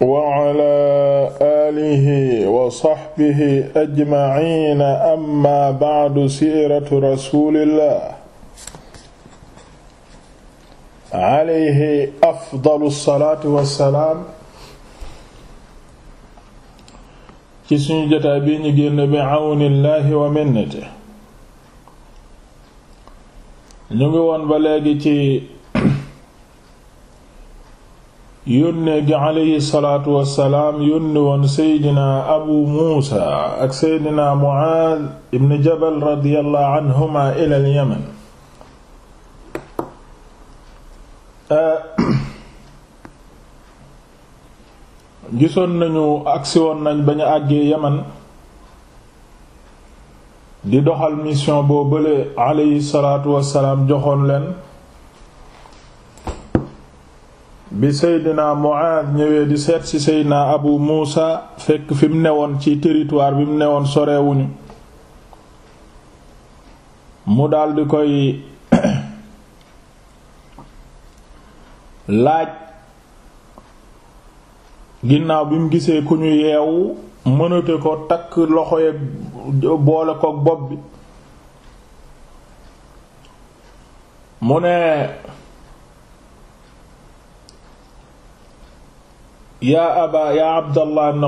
wala alihi wa saxbihi ajmaciina amma bacdu siiratu rasulillah alayhi afdalu salaatu wa salaam ci suñu jotaay bi ñu génn bi léegi ci yónnee gi aleyhi salaatu wassalaam yónni seydina abu muusa ak seydina muaaz ibn jabal radiyallahu anhuma ilal gisoon nañu agsi woon nañ ba ñu àggee yaman di doxal mission boo bële aleyhi salaatu wassalaam joxoon leen bi seydina Muaaz ñëwee di seet ci seydina Abu Muusa fekk fi mu newoon ci territoire bi mu newoon sorewuñu mu daldi koy laaj ginnaaw bi mu gisee ku ñu yeewu mënate ko takk loxo ya boole kook bopp bi mu ne yaa aba yaa abdallah ibn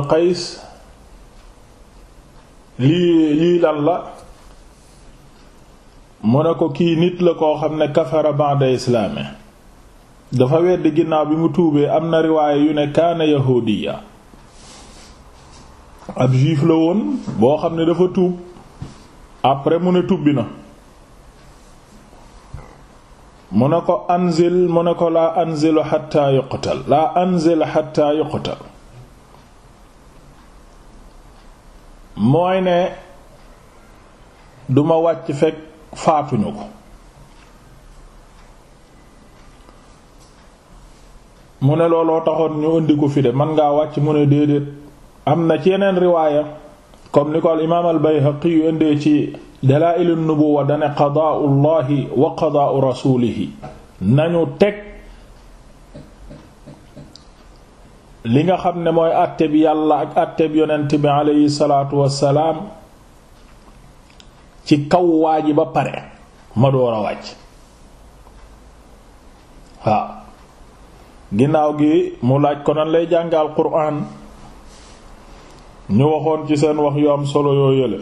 lii lii lan la mu ne ko kii nit la koo xam ne kafara ba'da islaame dafa weddi ginnaaw bi mu tuubee am na riwaaye yu ne kaana yahudiya ab juif la woon boo xam ne dafa tuub après mu ne tubbi na mu ne ko anzil mu ne ko laa anzilu xatta yuqtal laa anzil xatta yuqtal mooy ne duma wàcc fekk faatuñu ko mu ne looloo taxoon ñu indi ko fi de man ngaa wàcc mu ne déedéet am na ci yeneen riwaaya comme ni ko al yu indee ci dalaa'ilu nubuwwa dane qadaa'u llahi wa qadaa'u rasulihi nañu teg li nga xam ne mooy àtte yàlla ak àtte yonent bi aleyhi salaatu wassalaam ci kaw waa ji ba pare ma door a wàcc waaw ginnaaw gi mu laaj ko nan lay jàngal quraan ñu waxoon ci seen wax yu solo yoo yële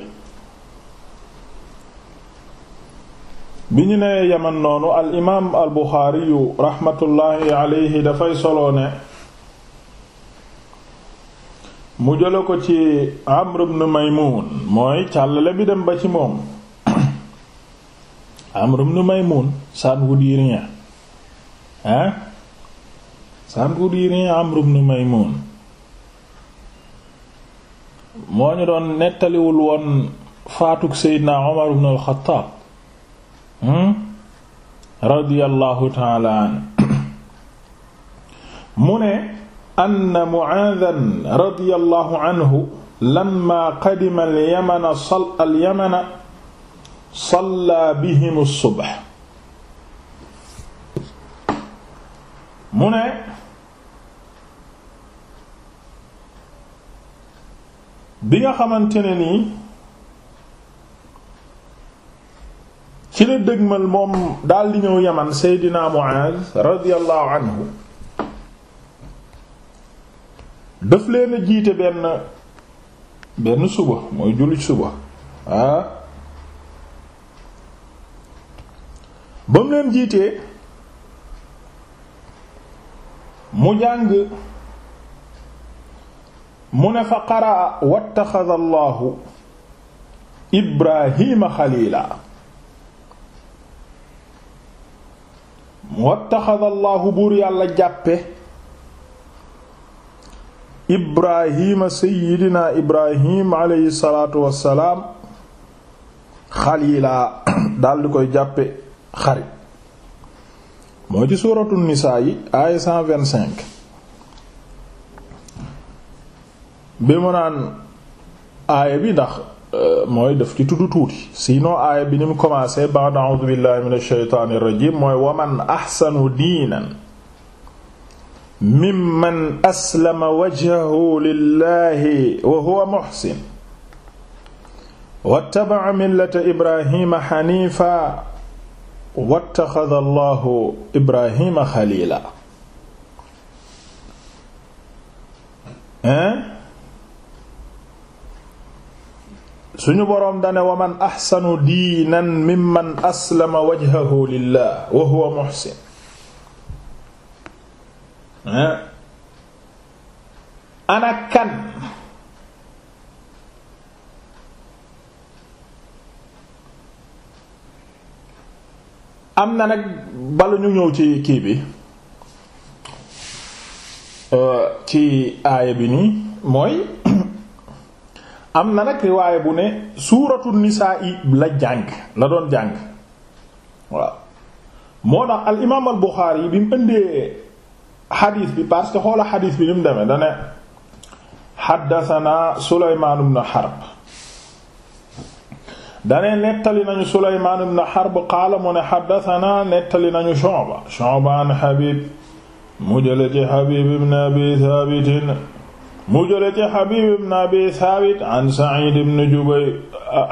bi ñu nee yaman noonu al imaam al buxaari yu raxmatullaahi alayhi dafay soloone mu jëla ko ci amr ibn maymuun mooy càllale bi dem ba ci moom amr ibn maymuun ça ne vous dit rien hein ça ne vous maymuun moo ñu doon nettaliwul woon faatuk seydina omar ibn al Hmm? radiyallahu taala anhu mu ne anna Mu'aadan radiyallahu anhu lamma qadima al-Yamana sal al-Yamana salla bihim as-subh mu ne bi nga xamante ne nii ci la dëgmal moom daal di ñëw yaman seydina Muaz radiyallahu anhu daf leen jiite benn benn suba mooy jullit suba ah ba mu leen jiitee mu jàng mu ne fa qaraa wattaxada ibrahima xalila wattaxadallaahu buur yàlla jàppe ibrahima sayidina ibrahim aleyhi salaatu wassalaam xaliilaa daldi koy jàppe xarit moo ci suuratu nisaa yi aaya 125 bi mu naan aaya bi ndax Euh, mooy daf ci tudd tuuti sinon aaya bi ni mu commencé ba'd a'udhu billahi minash shaytaanir rajiim mooy waman ahsanu diinan mimman aslama wajhahu lillahi wa huwa muhsin wattaba'a millata ibrahima haniifa wattaxada allahu ibrahima xaliila hein suñu boroom dane wa man axsanu diinan mimman aslama wajhahu lillah wa huwa muhsin eh? ana kan am na nag bala ñu ñëw ci kii bi eh, ci aaya bi nii mooy am na nag riwaaya bu ne suuratu nisaa'i la jàng la doon jàng waaw moo tax al imaam bi mu indee xadiis bi parce que xoola xadiis bi ni mu demee dane xaddasanaa suleymaan ibn harb dane nettali nañu suleymaan ibn harb qaala mu ne xaddasanaa nettali nañu shu'ba shu'ba xabiib mu ci xabiib ibn abi thaabitin mu jële ci Habib ibn Abi Thabit an Sa'id ibn Jubayr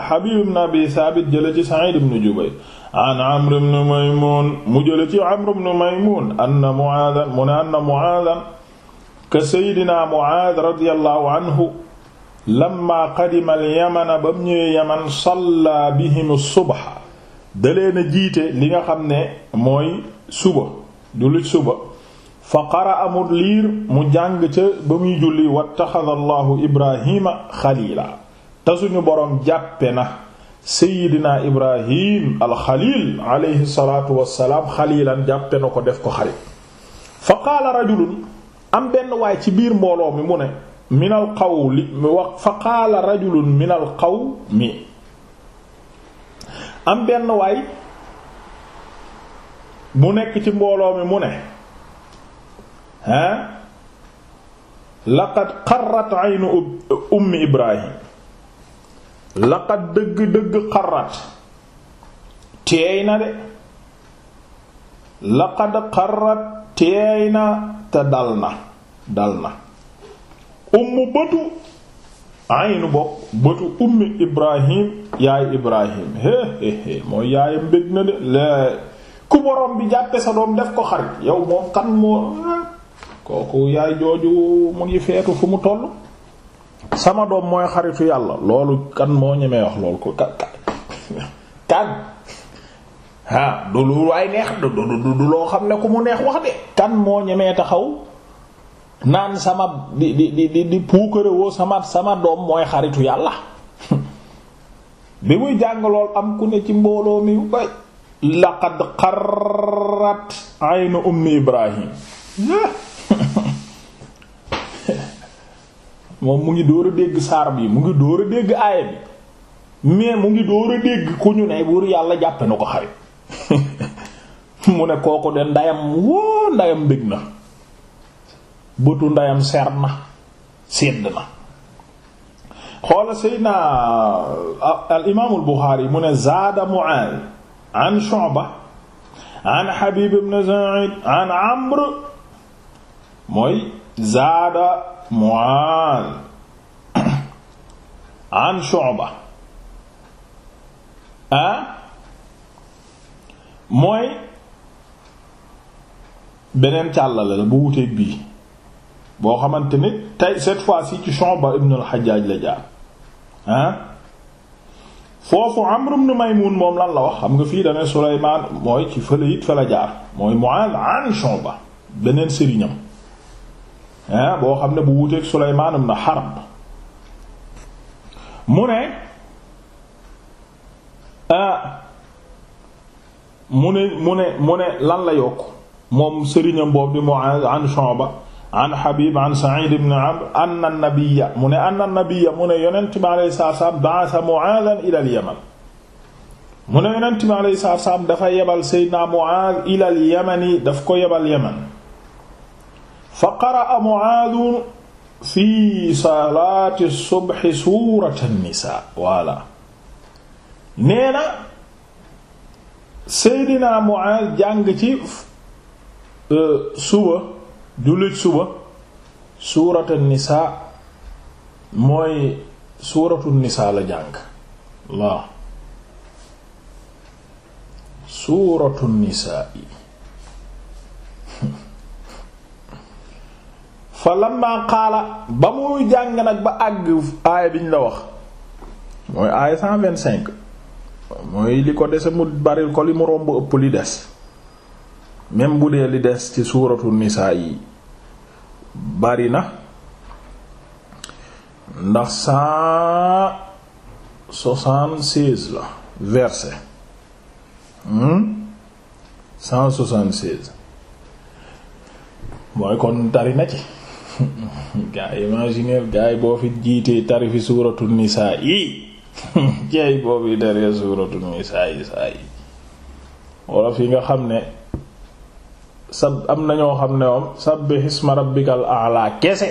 Habib ibn Abi Thabit jële ci Sa'id ibn Jubayr an Amr ibn Maymun mu jële ci Amr ibn Maymun anna Mu'adh mu ne anna Mu'adh ka Seydina Mu'adh radiyallahu anhu lamma qadima al-Yaman ba mu ñëwee Yaman salla bihim as-subha da leen a jiite li nga xam ne mooy suba du lu suba fa qara'a mu liir mu jàng ca ba muy julli wattaxada allahu ibrahima xalila te suñu boroom jàppe na seydina ibrahim alxalil alayhi salaatu wassalaam xalilan jàppe na ko def ko xarit fa qaala rajulun am benn waay ci biir mbooloo mi mu ne min al qawli fa qaala rajulun min al qawmi am benn waay mu nekk ci mbooloo mi mu ne ah laqad xarrat aynu ummi ibrahim laqad dëgg-dëgg xarrat teey na de laqad xarrat teey na te dal na dal na ummu bëtu aynu bopp bëtu ummi ibrahim yaay ibrahim hé hé hé mooy yaayam bëgg na de la ku borom bi jàppe sa doom def ko xarit yow moom kan moo kooku yaay jooju mu ngi feetu fu mu toll sama doom mooy xaritu yàlla loolu kan moo ñemee wax loolu ko kan xam ne ku mu neex wax de kan moo ñemee taxaw naan sama di di di di puukarewoo sama sama doom mooy xaritu yàlla bi muy jàng lool am ku ne ci mbooloo mi koy laqad xarrat aynu ummi ibrahim moom mu ngi door a dégg saar bi mu ngi door a dégg aaya bi mais mu ngi door a dégg ku ñu ne buur yàlla jàppe ko xarit mu ne kooku de ndayam woo ndayam bég na bëtu ndayam seer na sedd na xoola seydna al imaamul Buxaari mu ne zaada Mu'aaz an Shu'ba an Habib ibn Sa'id an Amr mooy zaada Mu'aaz an Shu'ba ah mooy beneen càllale la bu wutee bii boo xamante ni tey cette fois yi ci Shu'ba ba al-Hajjaj la jaar ah foofu Amr ibn Maymun moom lan la wax xam nga fii dane Sulaymaan mooy ci fële it fa la jaar mooy Mu'aaz an Shu'ba beneen sëriñam ah boo xam ne bu wuteeg Sulaymaan ibn Harb mu ne ah mu ne mu ne mu ne lan la yokk moom sëriñam boobu di Mu'aaz an Shu'ba an Habib an Sa'id ibn Amr anna nabiyya mu ne anna nabiyya mu bi alayhi salaam ba'atha Mu'aazan ila al-Yaman mu ne yonent bi alayhi salaam dafa yebal Seydina Mu'aaz ila al-Yaman daf ko yebal Yaman fa qaraa Mu'aadh fi salaati subhi suurata nisaa voilà nee na Seydina Mu'aadh jàng ci euh, suba jullit suba suurata nisaa mooy suuratu nisaa la jàng waaw suuratu nisaa yi fa lamma xaala ba muy jàng nag ba àgg aaya bi ñu la wax mooy aaya cent vingt mooy li ko dese mu bari ko li mu romb ëpp li des même bu dee li des ci suuratu nisaa yi bari na ndax cent soixante-seize la verset hmm? cent mooy kon tari na ci gaa yi imaginer gaa yi boo fi jiitee tarifi suuratu nisaa yi jeey boo yi saa fi nga xam ne sab am na ñoo xam ne moom sabbi xisma rabbikal a'la kese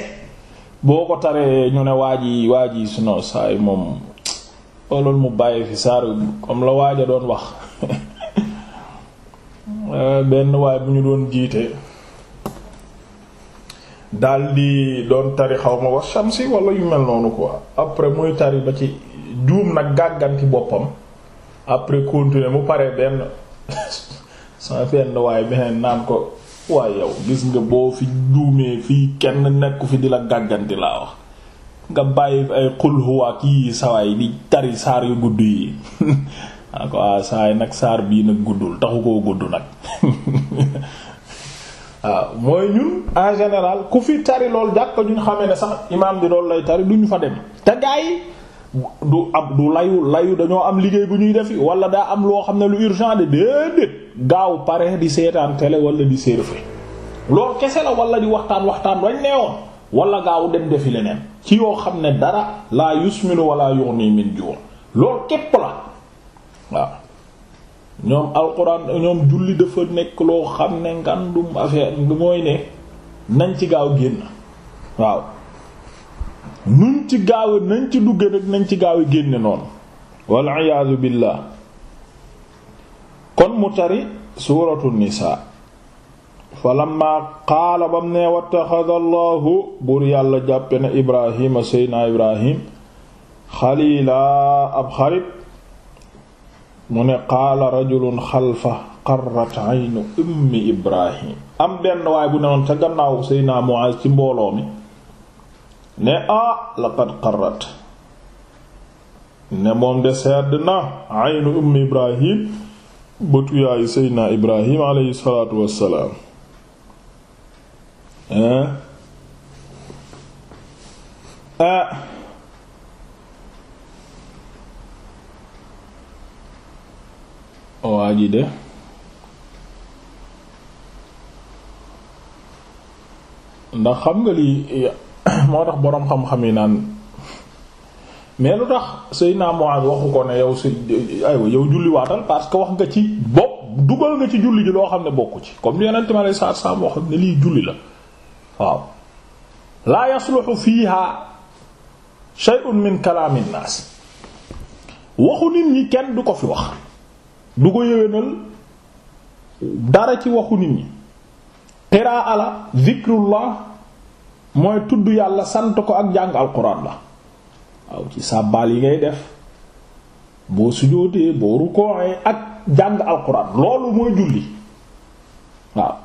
boo ko taree ñu ne waaj yi waaj yi sino saa yi moom loolu mu bàyyi fi saar comme la waaja doon wax eh, benn waay bu ñu doon jiite daal di doon tari xaw ma wax shamsi wala yu mel noonu ko après muy tari ba ci juum nag gàgganti boppam après continuer mu pare benn sama fenn waaye beneen naan ko waaye yow gis nga boo fi juumee fii kenn nekku fi di la gàgganti laa wax nga bàyyi ay xul huwaak yi sawaay di tari saar yu gudd yi waa ko ah, saay nag saar bii nag guddul taxu koo gudd nag waaw mooy ñun en général ku fi tari loolu jàkk ñu xamee ne sax imaam di loolu lay tari duñu fa dem te gaa du ab du layu layu dañoo am liggéey bu ñuy defi wala daa am loo xam ne lu urgent de déedéet gaaw pare di seetaan télé wala di surfer loolu kese la wala di waxtaan waxtaan wañ nee woon wala gaaw dem defi leneen ci yoo xam ne dara laa yusminu wala yughni min ju' loolu képp la waaw ñoom alxuraan ñoom julli dafa nekk loo xam ne ngàndum affaire mooy ne nañ ci gaaw génn waaw nuñ ci gaaw nañ ci dugge rek nañ ci gaaw génne noonu wal iyaazu billaah kon mu tari suuratu nisaa falamma qaala bam ne wattaxada buur yàlla jàppe na ibrahima seydna ibrahim xaliilaa ab xarit mu ne qaala rajulun xalfa qarrat aynu ummi ibrahim am benn waay bu ne woon ca gannaaw Seydina Muaz ci mbooloo mi ne ah laqad qarrat ne moom de sedd na aynu ummi ibrahim bëtu yaayu Seydina ibrahim salaatu wassalaam ah eh? eh? waa oh, jii de ndax xam nga lii moo tax boroom xam-xam yi naan mais lu tax Seydina Muaaz waxu ko ne yow si aywa yow julliwaatal parce que wax nga ci bopp dugal nga ci julli ji loo xam ne bokk ci comme ni a mi alayhi salaatu salaam wax ne lii julli la waaw laa yasluhu fiihaa shay'un min kalaamin naas waxu nit ñi kenn du ko fi wax du ko yëwénal dara ci waxu nit ñi qiraa la zikrullah mooy tudd yàlla sant ko ak jàng alquran la waaw ci sàbbaal yi ngay def boo sujootee boo rukoowee ak jàng alquran loolu mooy julli waaw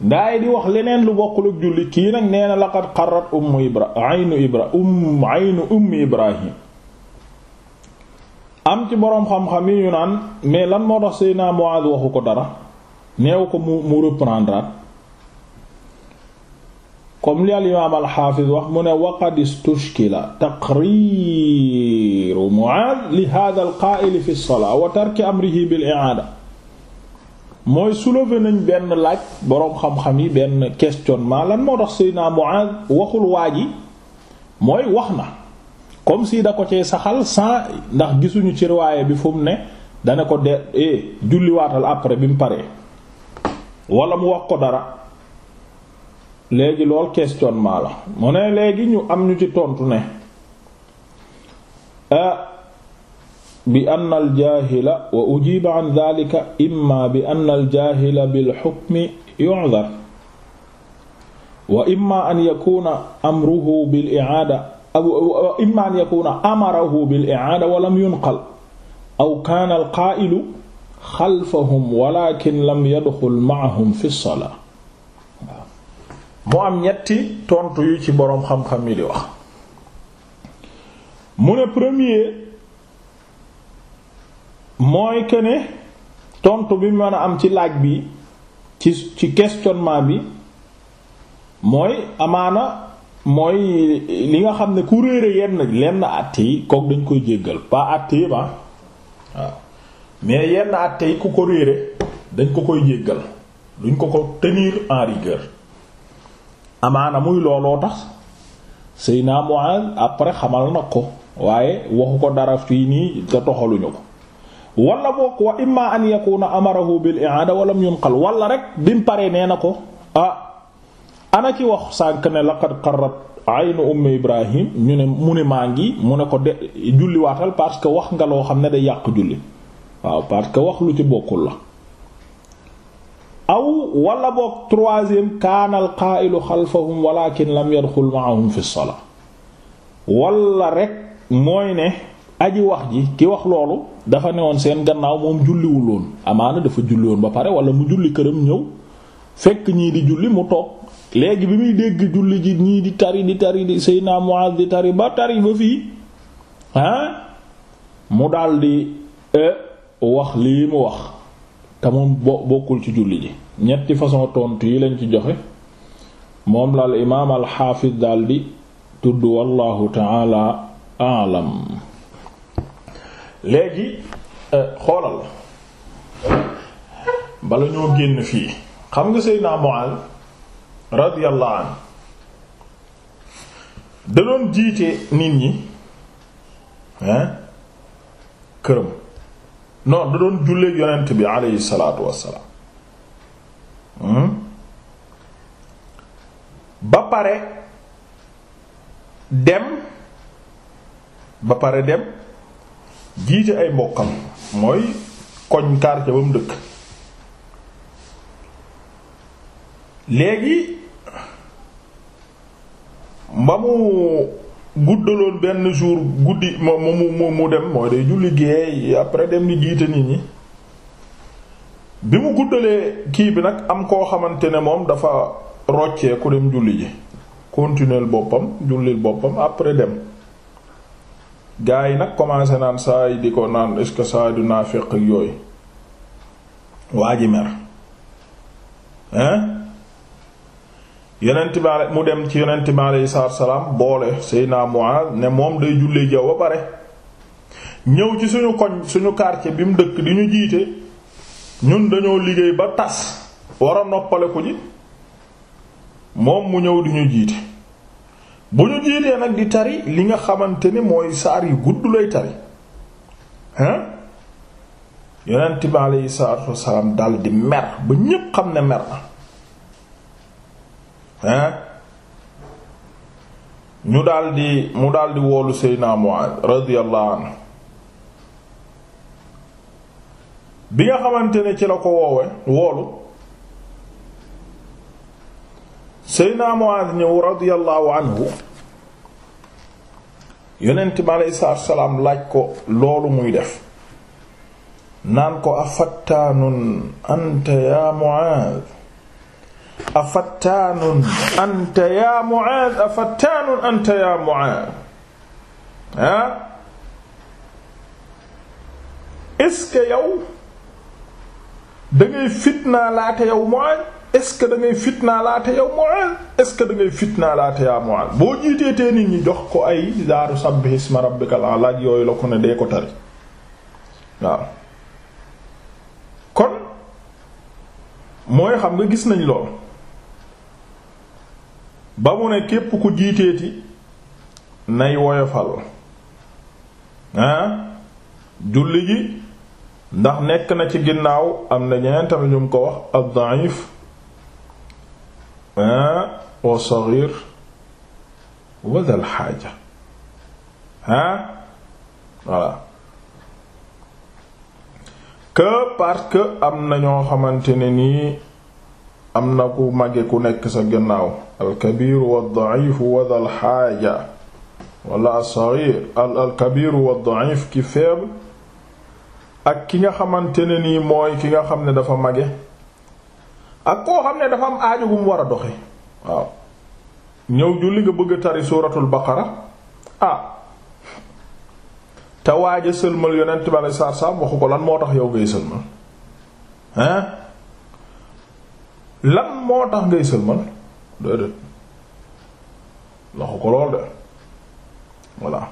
ndaay di wax leneen lu bokkul ak julli kii nag nee na laqad qarrat ummu ibra aynu ibra um aynu am ci boroom xam-xam yi ñu naan mais lan moo tax Seydina Muaaz waxu ko dara neew ko mu mu reprendre comme li al imaam al wax mu ne waqad istushkila taqriiru Muaaz li haaza al qaa'ili fi salaa wa tarki amrihi bil i'aada mooy soulever nañ benn laaj boroom xam-xam yi benn questionnement lan moo tax Seydina Muaaz waxul waa ji mooy wax na comme ci da ko cee saxal sans ndax gisuñu ci riwaaye bi fu ne dana ko de e, julliwaatal après bi mu paree wala mu wax ko dara léegi lool questionnement la mu ne léegi ñu am ñu ci tontu ne bi anna al jahila wa ujiba an dhalika imma bi anna al jahila bil hukmi yu'dhar wa imma an yakuna amruhu bil i'ada aw imma an yakuna amarahu bil i'ada wa lam yunqal aw kaana al qaa'ilu xalfahum walakin lam yadxul ma'ahum fi am ñetti tontu yu ci boroom xam-xam yi di wax mu ne premier mooy que tontu bi mën a am ci laaj bi ci ci questionnement bi mooy amaana mooy li nga xam ne ku réere yenn lenn àtte yi kook dañ koy jéggal pas àtte yi ba waaw mais yenn àtte yi ku ko réere dañ ko koy jéggal duñ ko ko tenir en rigueur amaana muy looloo tax naa Muaz après xamal na ko waaye waxu ko dara fii nii te toxaluñu ko wala bokk wa imma an yakuna amarahu bil i'ada walam yunqal wala rek bi mu paree nee na ko ah, ana ki wax sànq ne laqad qarrat aynu ummi ibrahim ñu ne mu ne maa ngi mu ne ko de julliwaatal parce que wax nga loo xam ne day yàq julli waaw parce que wax lu ci bokkul la aw wala boog troisième kaana al qaa'ilu xalfahum walakin lam yadxul ma'ahum fi salaa wala rek mooy ne aji wax ji ki wax loolu dafa newoon seen gannaaw moom loon amaana dafa julliwoon ba pare wala mu julli këram ñëw fekk ñii di julli mu toog léegi bi muy dégg julli ji nii di tari di tari di Seydina Muaz di tari ba tari ba fii ah mu daldi eh, wax lii mu wax te moom bokkul ci julli ji ñetti façon tontu yi lañ ci joxe moom la al xaafis daldi tudd wallahu taala alam léegi eh, xoolal bala ñoo génn fii xam nga Seydina Muaz radiyallahu anhu da doon jiite nit ñi hein këram non da doon julleek yonent bi aleyhi salaatu wassalaam hmm? ba pare dem ba pare dem jiite ay mbokkam mooy koñ quartier ba mu dëkk léegi ba mu guddaloon benn jour guddi mu mu mu dem mooy day julli géey après dem ni jiite nit ñi bi mu guddalee kii bi nag am koo xamante ne moom dafa roccee ku dem julli ji continuer boppam jullil boppam après dem gaa yi nag commencé naan saa yi di ko naan est-ce que saa yi du naa fekk ak yooyu waa ji mer hein yonent bi mu dem ci yonent bi aleyhi salaatu salaam boole Seydina Muaaz ne moom day jullee jaw ba pare ñëw ci suñu koñ suñu quartier bi mu dëkk di ñu jiite ñun dañoo liggéey ba tas war a noppaleku ji moom mu ñëw di ñu jiite bu ñu jiitee nag di tari li nga xamante ni mooy saar yu gudd lay tari hein yonent bi aleyhi salaatu salaam dal di mer ba ñépp xam ne mer na ñu daldi mu daldi woolu Seydina Muaaz radiyallahu anhu bi nga xamante ne ci la ko woowe woolu Seydina Muaaz ñëw radiyallahu anhu yonent bi aleyhi salaam laaj ko loolu muy def naan ko afattaanun anta ya Muaaz afattaanun anta yaa Mu'aaz afattaanun anta yaa Mu'aaz ah est-ce que fitnaa laata yow Mu'aaz est-ce que fitnaa laata yow Mu'aaz est-ce que da ngay fitnaa yaa Mu'aaz boo jiiteetee nit ñi jox ko ay daaru sabbihi isma rabbikal a'la yooyu la ko ne dee ko tari waaw kon mooy xam nga gis nañ lool. ba mu ne képp ku jiiteeti nay woyofal ah julli ji ndax nekk na ci ginnaaw am na ñeneen tamit ñu ko wax ad-da'if ah, wa saghir wa dhal haaja ah voilà que am na ñoo xamante ne nii am na ku màgge ku nekk sa gannaaw alkabiru waddaifu wa dal xaaja wala alsaxir alkabiru waddaif ki faible ak ki nga xamante nii mooy ki nga xam ne dafa màgge ak xam ne dafa am aajo bu mu war a doxe waaw ñëw julli nga bëgg a tari suuratul baqara ah te waaja sëlmal yonent bi alei saatu waxu ko lan moo tax yow ngay sëlmal hein lan moo tax ngay sëlmal déedéet waxu ko lool de voilà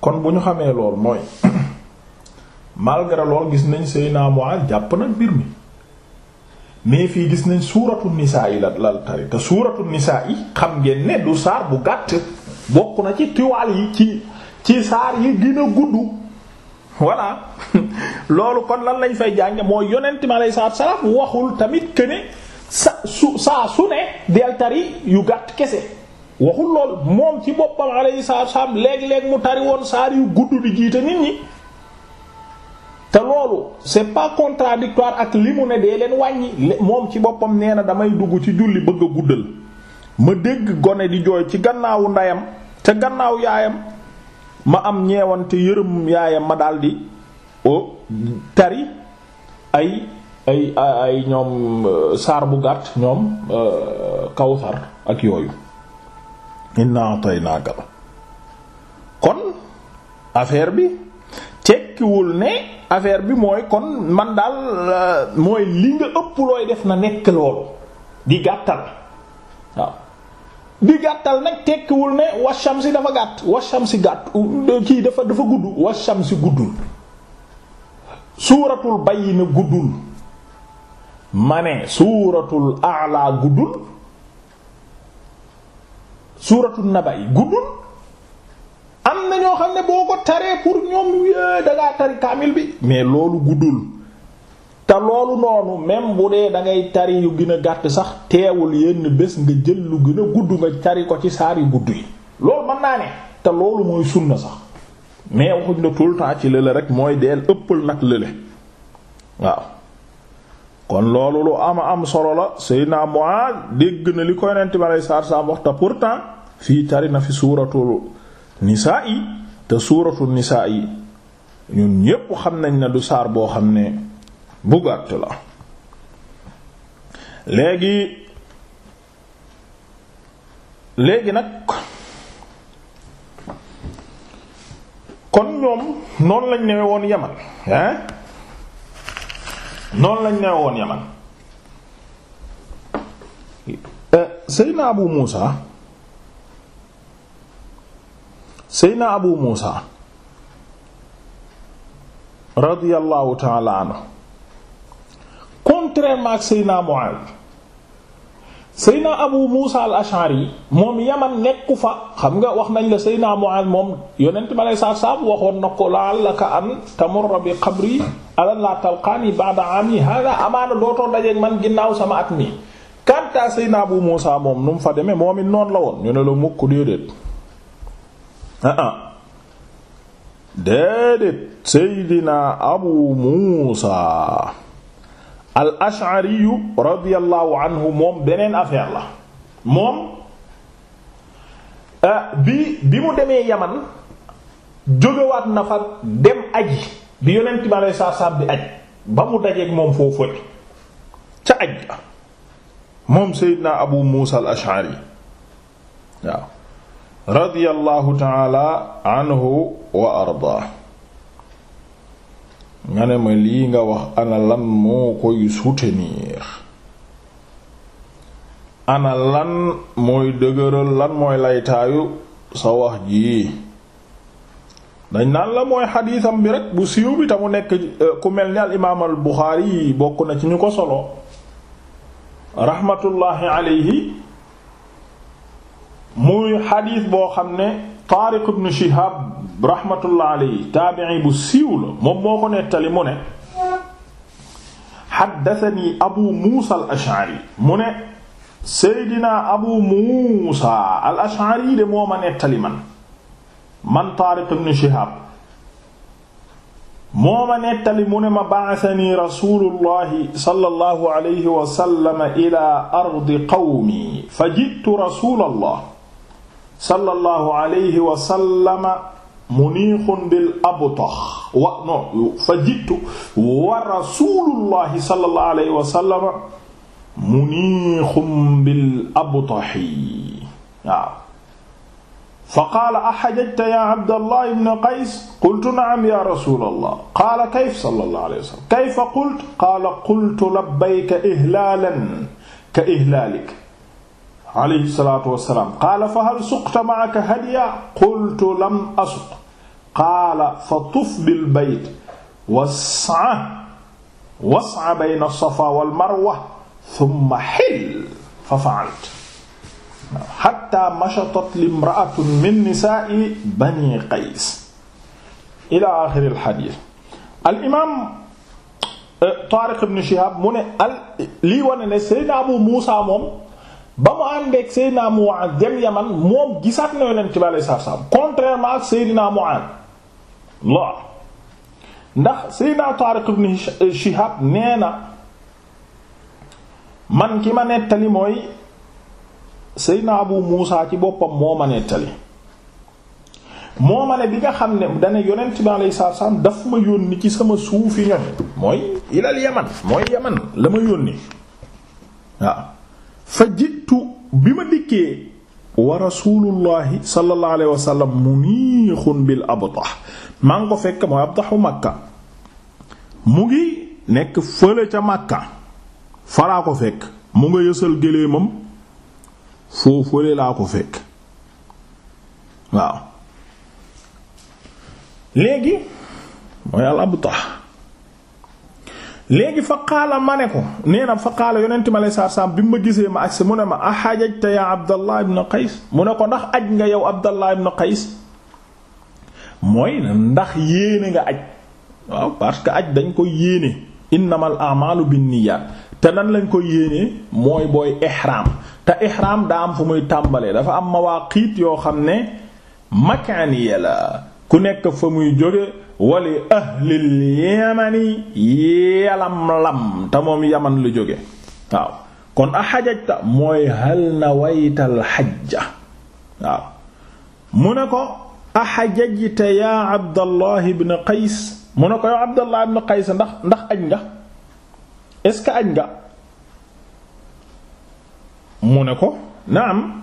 kon bu ñu xamee lool mooy malgré lool gis nañ Seydina Mu'aaz jàpp na mbir mi mais fii gis nañ suuratu nisaa yi la lal tari te suuratu nisaa yi xam ngeen ne du saar bu gàtt bokk na ci tiwaal yi ci ci saar yi gën gudd voilà loolu kon lan lañu fay jànge mooy yonenti mi aleyhi salaatu salaam waxul tamit que sa su saa su ne del tari yu gàtt kese waxul loolu moom ci boppam aleyhi salaatu salaam léeg-léeg mu tari woon saar yu gudd di jiite nit ñi te loolu c'est pas contradictoire ak li mu ne dee leen wàññi moom ci boppam nee na damay dugg ci julli bëgg a guddal ma dégg gone di jooy ci gannaawu ndeyam te gannaaw yaayam ma am ñeewante yërëm yaayam ma daldi o oh, tari ay ay ay ñoom euh, saar bu gàtt ñoom euh, kawsar ak yooyu inna ataynaaka kon affaire bi tekkiwul ne affaire bi mooy kon man daal euh, mooy li nga ëpp looy def na nekk loolu di gàttal waaw di gàttal nag tekkiwul ne washam dafa gàtt washam gàtt kii dafa dafa gudd washam si guddul suuratul bayyina guddul ma ne suuratul a'la guddul suuratul naba yi guddul am na ñoo xam ne boo ko taree pour ñoom dangaa tari kaamil bi mais loolu guddul te loolu noonu même bu dee da ngay tari yu gën a gàtt sax teewul yenn bés nga jël lu gën a gudd nga tari ko ci saar yu gudd yi loolu mën naa ne te loolu mooy sunna sax mais waxuñ la tout le temps ci lële rek mooy deel ëppal nag lële waaw kon loolu lu ama am solo la Seydina Muaaz dégg na li koy nent balay saar saa wax te pourtant fii tari na fi suuratul nisaa yi te suuratul nisaa yi ñun ñépp xam nañ ne du saar boo xam ne bu gàtt la léegi léegi nag kon ñoom noon lañ newe woon yaman hein noonu lañ newe woon yaman euh, seyna abu muusa seyna abu muusa radiyallahu taala anhu contrairement ak Seydina Muaaz Seydina Abu Muusa al-Ash'ari moom Yaman nekku fa xam nga wax nañ la Seydina Muaaz moom yonent ma lay saaf saaf waxoon na ko la'allaka an tamurra bi qabri ala la talqaani ba'da 'aami haaza amaana dootoo dajeek man ginnaaw sama at mi kanta Seydina Abu Muusa moom nu mu fa demee moom it noonu la woon ñu ne la mukk déedéet déedéet Seydina Abu Muusa al ashariyu radiallahu anhu moom beneen affaire la moom euh, bi bi mu demee yaman jógewaat na fa dem aji bi yonent bi alei saatu salaam bi aj ba mu dajeeg moom foofu fële ca aj moom seydina abu muusa al ashari radiallahu taala anhu wa arda nga ne ma lii nga wax ana lan moo koy soutenir ana lan mooy dëgëral lan mooy laytaayu sa wax jii dañ naan la mooy xadiisam bi rek bu siiw bi te mu nekk euh, ku mel ni al imaam al Buxaari bokk na ci ñu ko solo raxmatullaahi alayhi muy xadiis boo xam ne Taariq ibn Shihab rahmatullah alayhi taabi'i bu siiw la moom moo ko nettali mu ne xaddatani abu muusa al ash'ari mu ne seydina abu muusa al ash'ari de moo ma nettali man man taariq ibn shihab moo ma nettali mu ne ma ba'athani rasulullahi sallallahu alayhi wa sallam ila ardi qawmi fa ji'tu rasulallah sallallahu alayhi wa sallam munixun bil abtah wa no fa jittu wa rasulullahi sallallahu alayhi wa sallam munixun bil abtahi waaw fa qaala axajajta ya abdallah ibn qays qultu naam ya rasul allah qaala kayf sallallahu alayhi wa sallam kayfa qult qaala qultu labbayka ihlaalan ka ihlaalik alayhi salaatu wa salaam qaala fa hal suqta ma'aka hadya qultu lam asuq qaala fa tuf bil bayt was'a was'a bayna safa wal marwa thumma hil fa fa'alt hatta mashatat limra'atun min nisa'i bani qays ila axiri alxadis al imaam e, Taariq ibn Shihab mu ne al lii wane ne Seydina Abu Muusa moom ba mu àndeeg Seydina Mu'aaz dem Yaman moom gisaat na Yonent bi alayhi salaam contrairement ak Seydina Mu'aaz la ndax Seydina Taariq ibn Shihab nee na man ki ma nettali mooy Seydina Abu Muusa ci boppam moo ma nettali moo ma ne bi nga xam ne dana yonent bi alayhi salaatu salaam daf ma yónni ci sama suufi ñoñ mooy ilal yaman mooy yaman la ma yónni waaw fa jiitu bi ma dikkee wa rasulullahi sallallahu alayhi wa sallam munixun bil abtah maa ngi ko fekk mooy abtahu makka mu ngi nekk fële ca makka falaa ko fekk mu nga yësal géléemam foo fële laa ko fekk waaw léegi mooy al abtah léegi fa qaala ma ne ko nee na fa qaala yonent ma lay saa saam bi ma gisee ma agsi mu ne ma ahajajta yaa Abdallah ibn Qays mu ne ko ndax aj nga yow Abdallah ibn Qays mooy ndax yéene nga aj waaw parce que aj dañ ko koy yéene innamal a'malu binniyat te nan lañ ko yéenee mooy booy ihram te ihram daa am fu muy tàmbalee dafa am mawaaqiit yoo xam ne makaaniya la ku nekk fa muy jóge wali ahlil yamani yalamlam te yaman lu jóge waaw kon a xajajta mooy hal nawaytal xajja waaw mu ne ko a xajajta yaa abdallah ibn qays mu ne ko yow abdallah ibn qays ndax ndax aj nga est-ce aj nga mu ne ko naam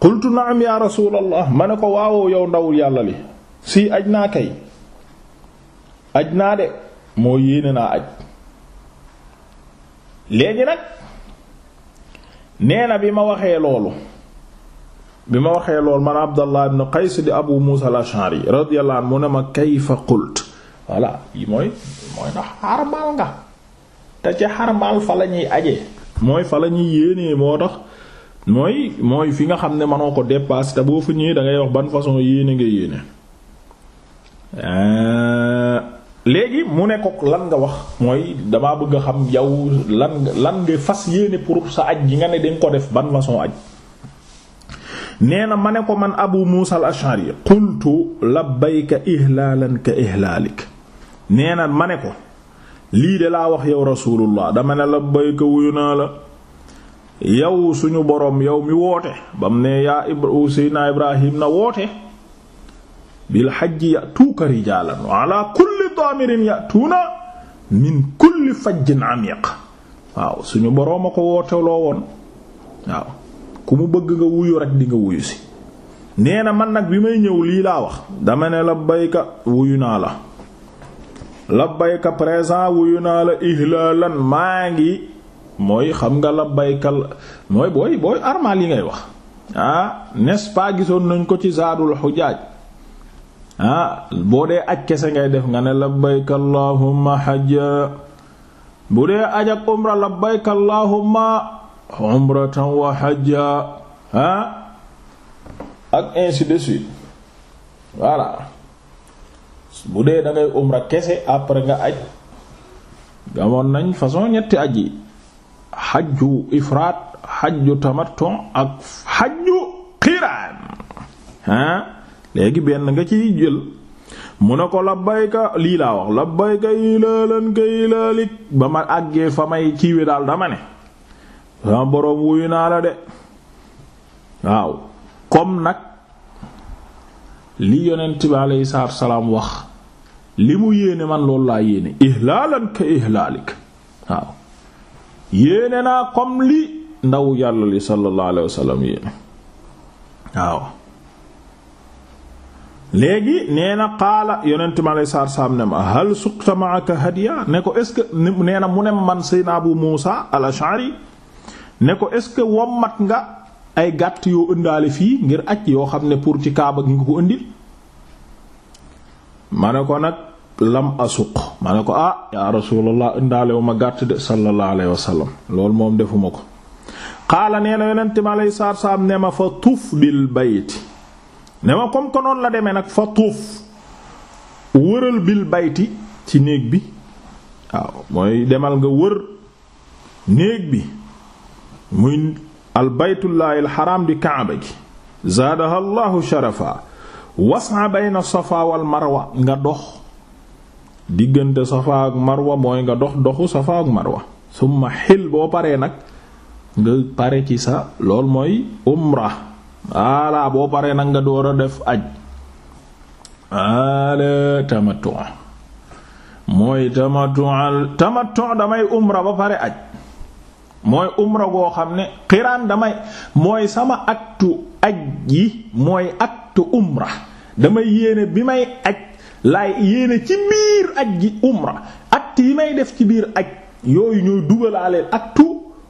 qultu naam ya rasulallah ma ne ko waawoo yow ndawul yàlla li si aj naa kay aj naa de moo yéene naa aj léegi nag nee na bi ma waxee loolu bi ma waxee lool man abdallah ibn qays di abu musa al-ash'ari radiyallahu anhu mu ne ma kayfa qult voilà yi mooy mooy ndax xarmaal nga te ci xarmaal fa lañuy ñuy aje mooy fa la ñuy yéenee moo tax mooy mooy fi nga xam ne manoo ko dépasser te boo fa ñëwee da ngay wax ban façon yéene nga yéene euh, léegi mu ne ko lan nga wax mooy damaa bëgg a xam yow lan lan nga fas yéene pour sa aj gi nga ne dañ ko def ban façon aj nee na ma ne ko man abu muusal muusa al ashari qultu labbayka ihlaalan ka ihlaalik nee na ma ne ko lii de laa wax yow rasulullah dama ne labbayka wuyu naa la yow suñu boroom yow mi woote bam ne yaa ibra na woote bil hajji ya'tuuka rijaalan wa ala kulli daamirin ya'tuuna min kulli fajjin amiq waaw suñu boroom a ko wooteloo woon waaw ku mu bëgg nga wuyu rek di nga wuyu si nee na man nag bi may ñëw lii laa wax dama ne labbayka wuyu naa la labbayka présent wuyu naa la ihlaalan maa ngi mooy xam nga labbaykal mooy booy booy armal yi ngay wax ah nest gisoon nañ ko ci zaadul xujaaj ah boo dee aj kese ngay def nga ne labbayka allahumma hajja bu dee aj ak umra labbayka allahumma umratan wa hajja ah ak ainsi de suite voilà bu dee da ngay umra kese après nga aj gamoon nañ façon ñetti aj yi xajju ifraat xajju tamattu ak xajju xiraan ah léegi benn nga ciy jël mu ne ko labbayka lii laa wax labbayka ilaalan ka ilaalik ba ma àggee fa may kiiwe daal dama ne sama boroom wuyu naa la de waaw comme nag li yonent bi alayhi salaam wax li mu yéene man loolu laa yéene ihlaalan ka ihlaalik waaw yéene naa comme li ndaw yàlla li sallallahu alayhi wasallam yéene waaw léegi nee na qaala yonent ma lay saar saam ne ma hal suqta ma'aka hadiya ne ko est-ce que nee na mu ne man sayna Abu Muusa al-Ash'ari ne ko est-ce que wommat nga ay gàtt yoo ëndaale fii ngir aj yoo xam ne pour ci kaaba gi nga ko ëndil ma ne ko nag lam asuq ma ne ko ah yaa rasulallah indaalewu ma gàtt de sallallahu alayhi wa sallam loolu moom defuma ko xaala nee na yonent mi alayhi salaatu salaam ne ma fa tuuf bil bayti ne ma comme que la demee nag fa tuuf wëral bil bayti ci néeg bi waaw mooy demal nga wër néeg bi muy al baytullahi al xaram di kaaba gi zaadaha allahu sharafa was'a bayna safa wal marwa nga dox diggante safa ak marwa mooy nga dox doxu safa ak marwa summa xil boo paree nag nga pare ci sa lool mooy umra walla boo paree nag nga door a def aj ala tamattu mooy tamattu tamattu damay umra ba pare aj mooy umra goo xam ne xiraan damay mooy sama aktu aj yi mooy aktu umra damay yéene bi may aj laay yéene ci biir aj gi umra at yi may def ci biir aj yooyu ñooy dugalaaleel ak tu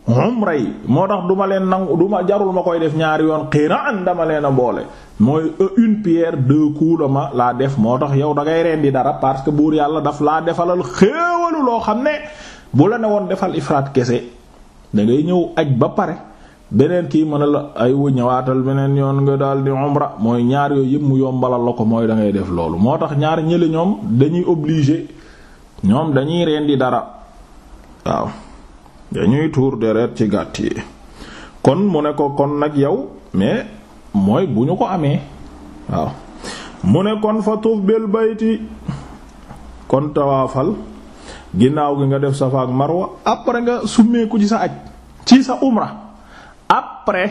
umra yi moo tax duma leen nangu duma jarul ma koy def ñaari yoon xiraan dama leen a boole mooy une pierre deux coups ma laa def moo tax yow da ngay rendi dara parce que buur yàlla daf laa defalal xéewalu loo xam ne bu la ne woon defal ifraat kese da ngay ñëw aj ba pare beneen kii mën a la ay wu ñëwaatal beneen yoon nga daal di umra mooy ñaar yooyu yëpp mu yombalal la ko mooy dangay def loolu moo tax ñaar ñële ñoom dañuy obligé ñoom dañuy di dara waaw dañuy tuur deret ci gàtt yi kon mu ne ko kon nag yow mais mooy bu ñu ko amee waaw mu ne kon fa tuuf bil bayti kon tawaafal ginnaaw gi nga def Safa ak Marwa après nga summeeku ci sa aj ci sa umra après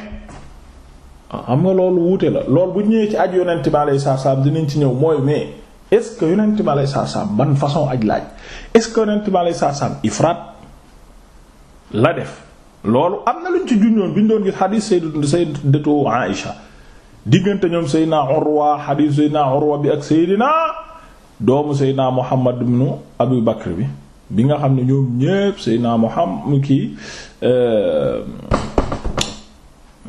ah, xam na loolu wuute la lool bu ñëwee ci aj yonent bi alayhi salaam dinañ ci ñëw mooy mais est-ce que yonent bi alayhi salaam ban façon aj laaj est-ce que yonent bi alayhi salaam ifraat la def loolu am na luñ ci junjoon bi ñu doon gis xadiis sayyidatu sayyidatu Aïsha diggante ñoom Seydina Urwa xadiis Seydina Urwa bi ak Seydina doomu naa Muhammad ibnu Abu Bakr bi bi nga xam ne ñoom ñépp Seydina Muhammad ki euh,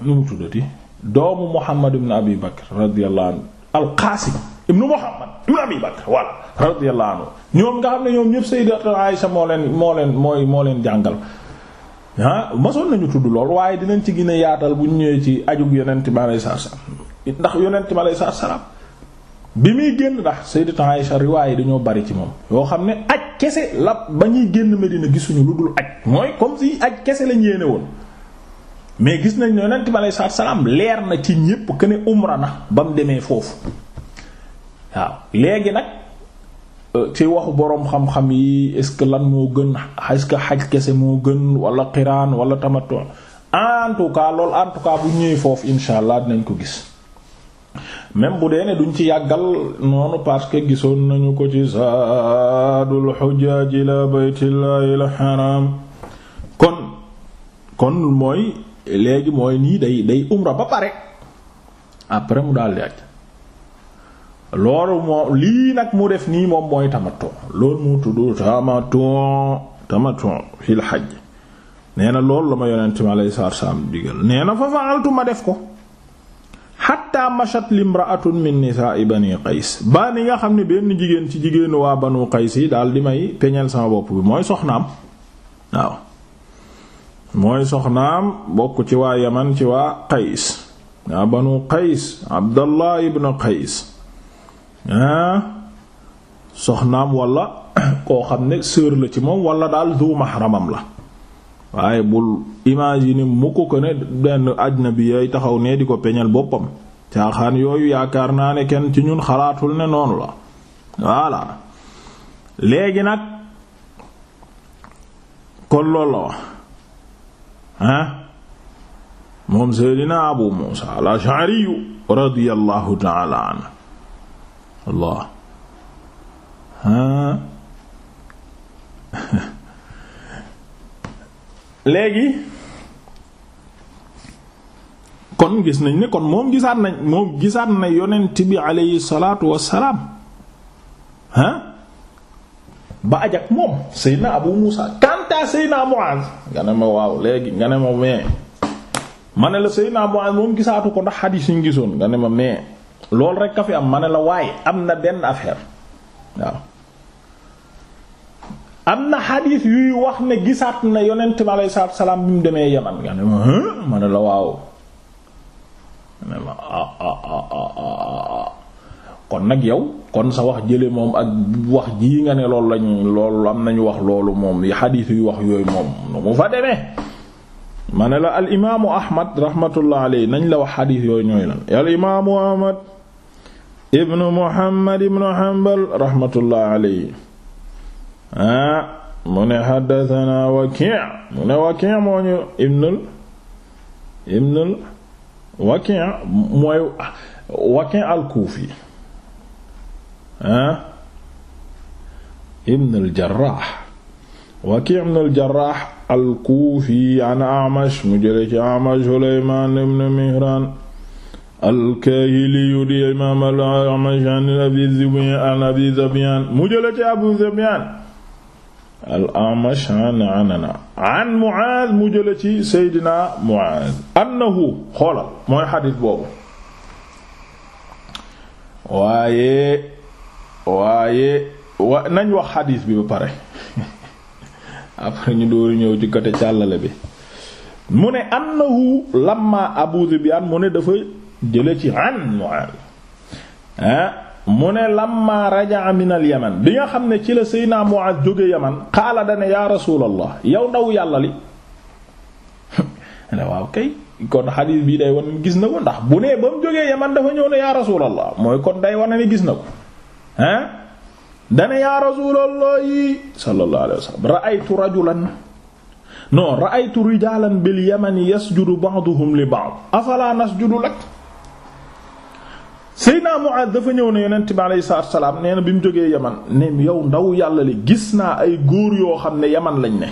nu mu tuddati doomu Muhammad ibn Abi Bakr radiyallahu anhu al-Qasim ibn Muhammad ibn Abi Bakr walla radiyallahu anhu ñoom nga xam ne ñoom ñëpp Sayyidatuna Aisha moo leen mooy moo leen jàngal ah masoon nañu tudd lool waaye dinañ ci gën yaatal bu ñu ñëwee ci ajug yonent mi alayhi salaam ndax yonent mi alayhi salaam bi muy génn ndax Sayyidatuna Aisha riwaay dañoo bari ci moom yoo xam ne aj kese la ba ñuy génn Medina gisuñu lu dul aj mooy comme si aj kese lañ yéene woon mais gis nañ ne yonent bi aleyhi salaam leer na ci ñépp que ne umra na ba demee foofu waaw léegi nag euh, ci waxu boroom xam-xam yi est-ce que lan moo gën est-ce xaj kese moo gën wala xiraan wala tamattu en tout cas cas bu ñëwee foofu insha allah dinañ ko gis même bu dee ne duñ ci yàggal noonu parce que gisoon nañu ko ci zaadul xujjaaj ila baytillahi al haram kon kon mooy léegi mooy nii day day umra ba pare après mu daal di aj loolu moo lii nag mu def nii moom mooy tamattu loolu mu tudd tamattu tamattu fil xaj nee na loolu la ma yonent mi alayhi salaatu salaam nee na fa fa'altu ma def ko xatta mashat limra'atun min nisaa'i bani qays ba ni nga xam ne benn jigéen ci jigéenu waa banu qays yi daal di may peñeel sama bopp bi mooy soxnaam waaw mooy soxnaam bokk ci waa yaman ci waa qays waa banu qays abdallah ibn qays ah soxnaam wala koo xam ne sœur la ci moom wala daal du mahramam la waaye bul imaginer mu ko ko ne benn ajnabi yay taxaw ne di ko peñal boppam caaxaan yooyu yaakaar naa ne kenn ci ñun xalaatul ne noonu la voilà léegi nag kon loolu la wax ah moom seydina abu muusa al ashariyu radiyallahu taala anhu léegi kon gis nañ ne kon moom gisaat nañ moom gisaat na yonent bi aleyhi salaatu wassalaam ah ba ajak moom Seydina Abu Muusa kanta Seydina Muaz nga ne ma waaw léegi nga ne ma mais ma ne la Seydina Muaz moom gisaatu ko ndax xadiis yi gisoon nga ne ma mais loolu rek a fi am ma ne la waaye am na benn affaire waaw am na xadiis yuy wax ne gisaat na yonent bi alayhi salaatu salaam bi mu demee Yaman nga ne ma ma ne la waaw ma ne ma kon nag yow kon sa wax jële moom ak wax jii nga ne loolu lañu loolu am nañu wax loolu moom yi xadiis yu wax yooyu moom nu mu fa demee ma ne la al imaamu ahmad rahmatullah aley nañ la wax xadiis yooyu ñooy la al imaamu ahmad ibnu muhammad ibnu hanbal rahmatullah aley ah mu ne xaddatanaa waki' mu ne waki' moo ñu ibnul ibnul waki' mooy waki' al kuufi ah ibn al-Jarrah Waki ibn al-Jarrah al-Kufi an Amash mu jële ci Amash Sulaymaan ibn Mihraan al-Kaahili di imaam al-Amash an Abi Zubyaan an Abi Zubyaan mu jële ci Abu Zubyaan al-Amash an anana an Muaaz mu jële ci Seydina Muaaz annahu xoolal mooy xadiis boobu waaye waaye wa nañ wax xadiis bi ba pare après ñu dooru ñëw ci côté càllale bi mu ne annahu lamma abu zibyan mu ne dafa jële ci an Muaaz ah mu ne lamma rajaa min al yaman bi nga xam ne ci la sëy naa seyna Muaaz jóge yaman qaala dana ya rasulallah yow ndaw yàlla li ne waaw kay kon xadiis bi day wan gis na ko ndax bu nee ba mu jógee yaman dafa ñëw ne ya rasulallah mooy kon day wane ne gis na ko hein dana yaa rasuulallahi sallallahu alayhi wasallam ra'aytu rajulan non ra'aytu rijaalan bil yamani yasjudu ba'duhum li ba'd afala nasjudu lak Seydina Mu'aaz dafa ñëw na yonent bi alayhi salaatu salaam bi mu jógee yaman ne yow ndaw yàlla li gis naa ay góor yoo xam ne yaman lañ ne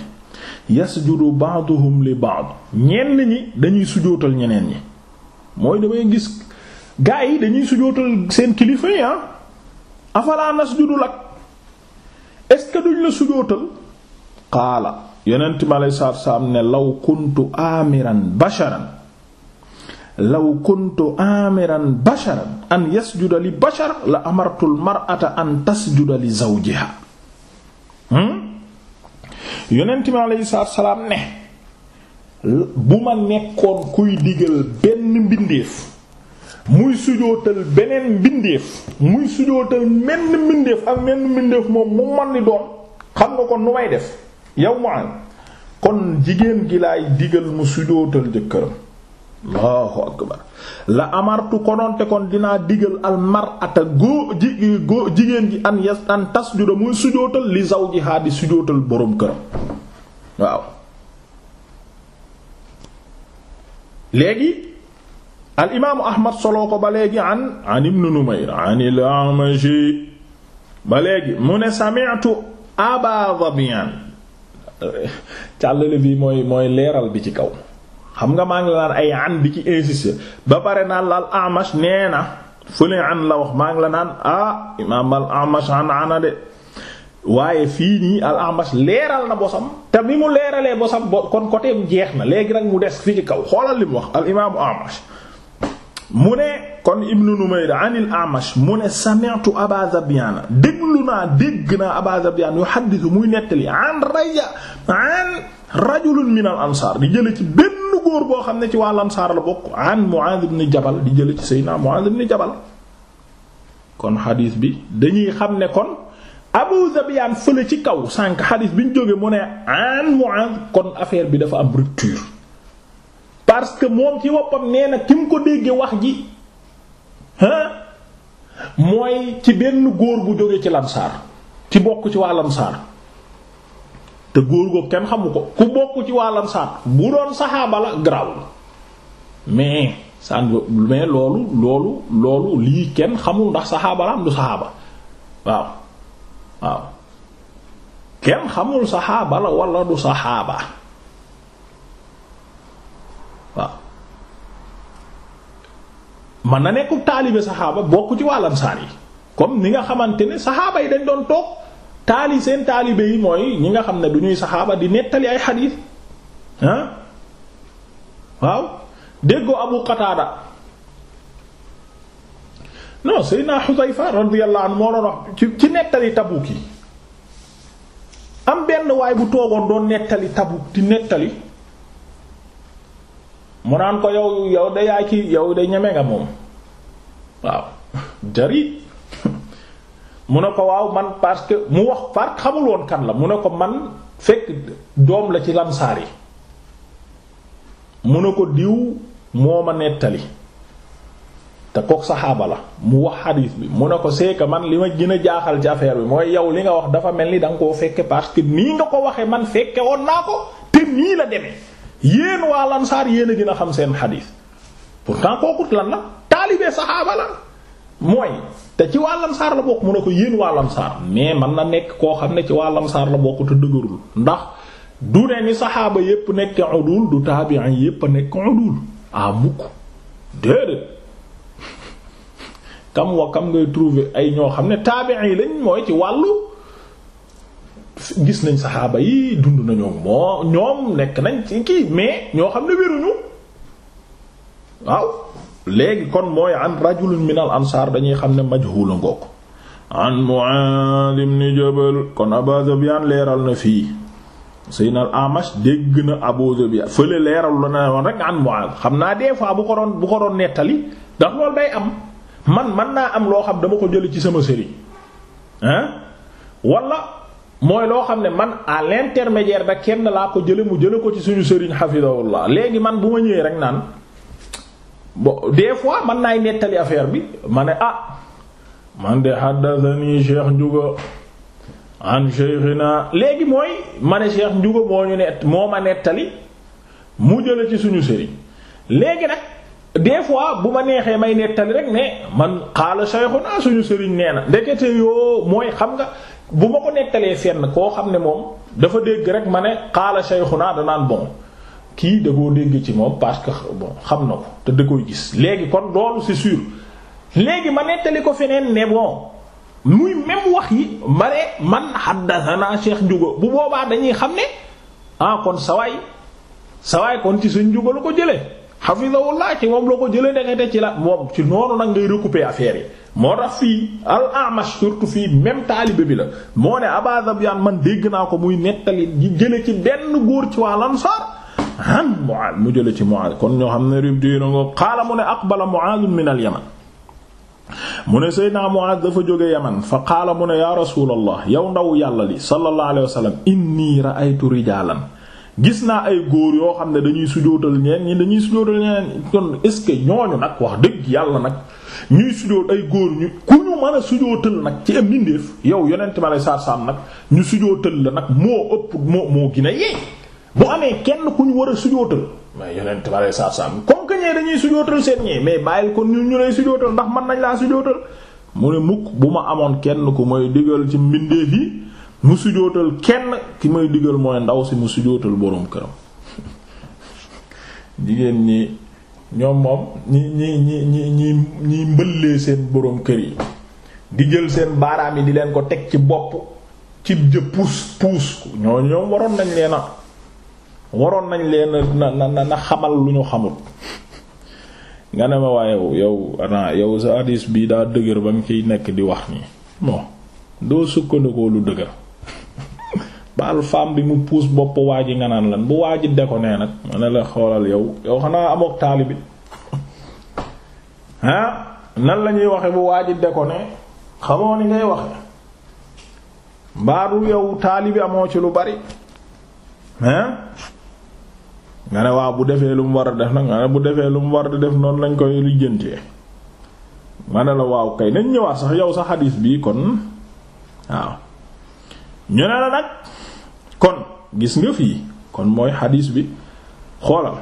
yasjudu ba'duhum li ba'd ñenn ñi dañuy sujootal ñeneen ñi mooy damay gis gaa yi dañuy sujootal seen kilifa yi ah. afalaa nasjudu lak est-ce la sujootal qaala yonent mi aleyhi salaatu salaam ne law kuntu amiran basharan law kuntu amiran basharan an yasjuda li bashar la amartul mar'ata an tasjuda li zawjiha hmm? yonent mi aleyhi salaatu salaam ne bu ma nekkoon kuy digal benn mbindeef muy sujootal beneen mbindeef muy sujootal menn mbindeef ak menn mbindeef moom mu man ni doon xam nga ko nu may def yow mu am kon jigéen gi laay digal mu sujootal jëkkëram la amartu kononte kon dinaa digal almarata góo ji góo jigéen ji an yas an tasjuda muy sujootal li zawjiha di sujootal boroom këram waaw léegi al imaamu ahmad soloo ko ba léegi an an ibnu numayr an il amashi ba léegi mu ne sami'tu aba dhabiyan càllale bi mooy mooy leeral bi ci kaw xam nga maa ngi la naan ay an bi ci ba pare naan la al amash na fële an maa ngi la naan ah imaam al amash an ana de waaye fii nii al amash leeral na bosam te bi mu leeralee bosam bo kon côté jeex na léegi nag mu des fi ci kaw xoolal li mu wax al imaamu amash mu ne kon ibnu Numayr an al-A'mash mu ne sami'tu Aba Zabyana déglu naa dégg naa Aba Zabyana yuhaddithu muy nettali an raja an rajulun min al-ansaar di jële ci benn góor boo xam ne ci waa ansaar la bokk an Mu'aaz ibn Jabal di jële ci Seydina Mu'aaz ibn Jabal kon xadiis bi dañuy xam ne kon Abu Zabyaan fële ci kaw sànq xadiis bi ñu jógee mu ne an Mu'aaz kon affaire bi dafa am rupture parce que moom ci woppam nee na ki mu ko déggee wax ji mooy ci benn góor bu jóge ci lamsaar ci bokk ci waa lamsaar te góor ko kenn xamu ko ku bokk ci waa lamsaar bu doon saxaaba la graw mais sàn mais loolu loolu loolu lii kenn xamul ndax saxaaba la am du saxaaba waaw waaw kenn xamul saxaaba la walla du saxaaba man na nekku taalibe saxaaba bokk ci wàllam saar yi comme ni nga xamante ne saxaaba yi dañ doon toog taali seen taalibe yi mooy ñi nga xam ne du ñuy saxaaba di nettali ay xadiis ah waaw déggoo Abu Qataada non Seydina Xudayfa radiyallahu ci ci nettali Tabuuk yi am benn waay bu toogoon doon nettali Tabuuk di nettali mu naan ko yow yow de yaa ci yow de ñeme nga moom waaw jarit mu ne ko waaw man parce mu wax parce que kan la mu ne ko man fekk doom la ci lamsaar yi mu ne ko diw moo ma nettali te kook saxaaba la mu wax xadiis bi mu ne ko seeka man li ma gën a jaaxal ci bi mooy yow li nga wax dafa mel ni danga nga koo fekke parce que nii nga ko waxee man fekke woon naa ko te nii la demee yéen waa lansaar yéen dina xam seen xadiis pourtant kooku lan la taalibe saxaaba la mooy te ci waa lansaar la bokk mu ne ko yéen waa lansaar mais man na nekk koo xam ne ci waa lansaar la bokk te dëgërul ndax du ne ni saxaaba yépp nekk udul du taabi'in yépp a nekk udul a ah, mukk déedéet kam wa kam ngay trouver ay ñoo xam ne yi lañ mooy ci wàllu gis nañ saxaaba yi dund nañoo moo ñoom nekk nañ ci kii mais ñoo xam ne wéruñu waaw léegi kon mooy an rajulun min al ansaar dañuy xam ne majhul ngook an Mu'aad ibn Jabal kon Abu Sufyaan leeral na fii Seydina Amash dégg na Abu Sufyaan fële leeral la na woon rek an Mu'aad xam naa des fois bu ko doon bu ko doon nettali ndax loolu day am man man naa am loo xam dama ko jële ci sama sëriñ hein walla mooy loo xam ne man à l'intermédiaire da kenn laa ko jële mu jële ko ci suñu sëriñ hafidahullah léegi man bu ma ñëwee rek naan bo des fois man naay nettali affaire bi ma ne ah man de haddathani cheikh njuga an cheikhina léegi mooy ma ne cheikh ñu nett moo ma nettali mu jële ci suñu sëriñ léegi nag des fois bu ma neexee may nettali rek ne man xaala cheikhuna suñu sëriñ nee na ndekete yoo mooy xam nga bu ma ko nettalee fenn koo xam ne moom dafa dégg rek ma ne xaala sayxunaa danaan bon kii da koo dégg ci moom parce que bon xam na ko te da koy gis léegi kon loolu c'est sûr léegi ma nettali ko feneen ne bon muy même wax yi ma ne man haddathana Cheikh Ndiouga bu boobaa dañuy xam ne ah kon sawaay sawaay kon ci suñ Ndiouga la ko jëlee hafizahullah ci moom la ko jëlee ndekete ci la moom ci noonu nag ngay recouper affaire yi. moo tax fii al amash surtout fii même taalibe bi la moo ne Aba Zabyaan man dégg naa ko muy nettali di jële ci benn góor ci waa Ansaar an mu jële ci Muaaz kon ñoo xam ne rupture ngo xaala mu ne aqbala Muaaz min al mu ne Seydina Muaaz dafa jóge yaman fa qaala mu ne ya rasulallah yow ndaw yàlla li sallallahu alayhi wa inni ra'aytu rijalan gis naa ay góor yoo xam ne dañuy sujootal ñeen ñi dañuy sujootal ñeen kon est ce que ñooñu nag wax dëgg yàlla nag ñuy sujoot ay góor ñu ku ñu mën a sujootal nag ci am yow yonent ma lay saar-saam nag ñu sujootal la nag moo ëpp moo moo gina yee bu amee kenn ku ñu war a sujootal mais yonent ma lay saar-saam comme que ñee dañuy sujootal seen ñee mais bàyyil kon ñu ñu lay sujootal ndax mën nañ laa sujootal mu ne mukk bu ma amoon kenn ku mooy digal ci mbindeef yi mu sujootal kenn ki may digal mooy ndaw si mu sujootal boroom këram jigéen ñi ñoom moom ñi ñi ñi ñi ñi ñi mbëllee seen boroom kër yi di jël seen baaraam yi di leen ko teg ci bopp cib jë puus puus ñoo ñoom waroon nañ leen waroon nañ leen na na na xamal lu ñu xamul nga ne ma waaye yow ana yow sa hadis bi daa dëgër ba nga ciy nekk di wax nii bon doo sukkandikoo lu dëgër baal femme bi mu puus bopp waa ji nga naan lan bu waa ji de ko nee nag ma ne la xoolal yow yow xanaa amook taali bi nan la ñuy waxe bu waa ji de ko ne xamoo ni ngay waxe mbaadu yow taali bi amoo ci lu bari hein nga ne waaw bu defee lu mu war a def nag nga ne bu defee lu mu war a def noonu lañ koy lijjantee ma ne la waaw kay nañ ñëwaat sax yow sa xadiis bi kon waaw ñu ne la nag kon gis nga fii kon mooy xadiis bi xoolal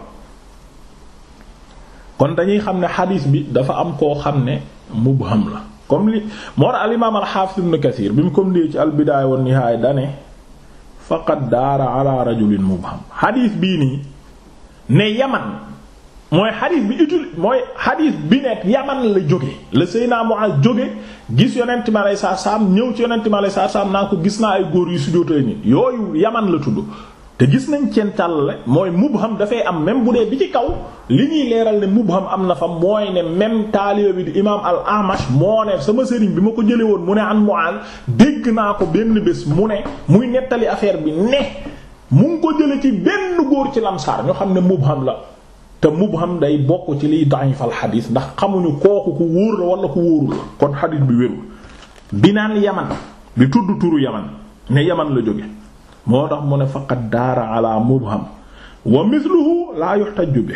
kon dañuy xam ne xadiis bi dafa am koo xam ne mubham la comme li moo tax al imaam al Kasiir bi mu comme lii ci al bidaaya wan nihaaya dane faqad daara ala rajulin mubham xadiis bii nii ne yaman mooy xadis bi utile mooy xadis bi nekk yaman la jóge la mu Muaz jóge gis yonent mi aleyhi salaatu salaam ñëw ci yonent mi aleyhi salaatu salaam naa ko gis naa ay góor yu si sujjóotee ni yooyu yaman la tudd te gis nañ ceen càllale mooy mubham dafay am même bu dee bi ci kaw li ñuy leeral ne mubham am na fa mooy ne même taaliba bi di imaam al amash moo ne sama sëriñ bi ma ko jële woon mu ne an Muaz dégg naa ko benn bés mu ne muy nettali affaire bi ne mu ci benn góor ci xam ne mubham la te mubham day bokk ci liy da'ifal xadiis ndax xamuñu kooku ku wóor la wala ku wóorul la kon xadiis bi wérul bi naan yaman bi tudd turu yaman ne yaman la jóge moo tax mu ne faqad daara ala mubham wa mithluhu laa yuhtaju bi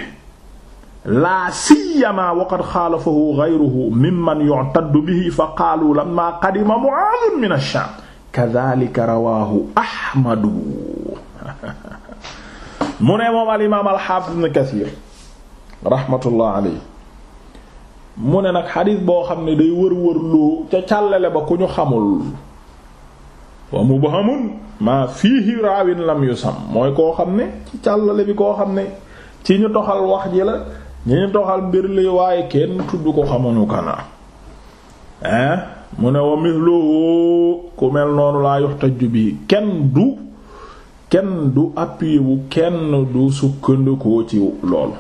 laa siyama wa qad xaalafahu ghayruhu mimman yu'taddu bihi fa qaalu lamma qadima Mu'aaz min ash-Shaam mu ne moom al imaam al-Haafiz rahmatullah alayhi mu ne nag xadis boo xam ne day wër-wër loo ca càllale ba ku ñu xamul wa mubhamun maa fiihi raawin lam yusam mooy koo xam ne ci càllale bi koo xam ne ci ñu doxal wax ji la ñi ñu toxal mbir li waaye kenn tudd ko xamuñu kana hein mu ne wa mithluhu ku mel noonu laa yuhtaju bi kenn du kenn du appuyé wu kenn du sukkandikoo ci loolu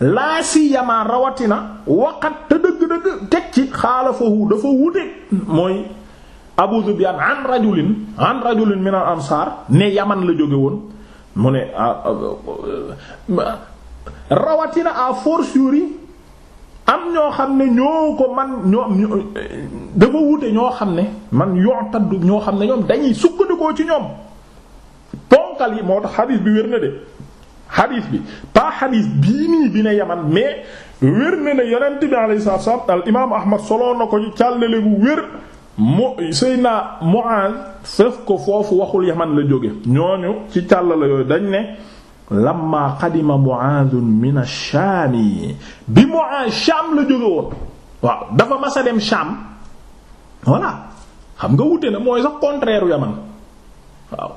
laa si yamaa rawatina waqat te dëgg-dëgg teg ci xaalafahu dafa wute mooy Abu Zubyan an rajulin an rajulin min al ansar ne yaman la jóge woon mu ne ah, ah, ah, rawatina à fortiori am ñoo xam ne ñoo ko man ñoom dafa wute ñoo xam ne man yoo taddu ñoo xam ne ñoom dañuy sukkandikoo ci ñoom ponkal yi moo tax xadiis bi wér na de xadiis bi pas xadiis bii nii bi ne yaman mais wér na ne yonent bi alayhi salaatu wa al imaamu ahmad soloon na ko ci càllale bu wér mu Seydina Muaz fef ko foofu waxul yaman la jóge ñooñu ci càllale yooyu dañ ne lamma qadima Muazun min ash-Shaami bi Muaz Shaam la jóge woon waaw dafa masa dem Shaam voilà xam nga wute na mooy sax contraire yaman waaw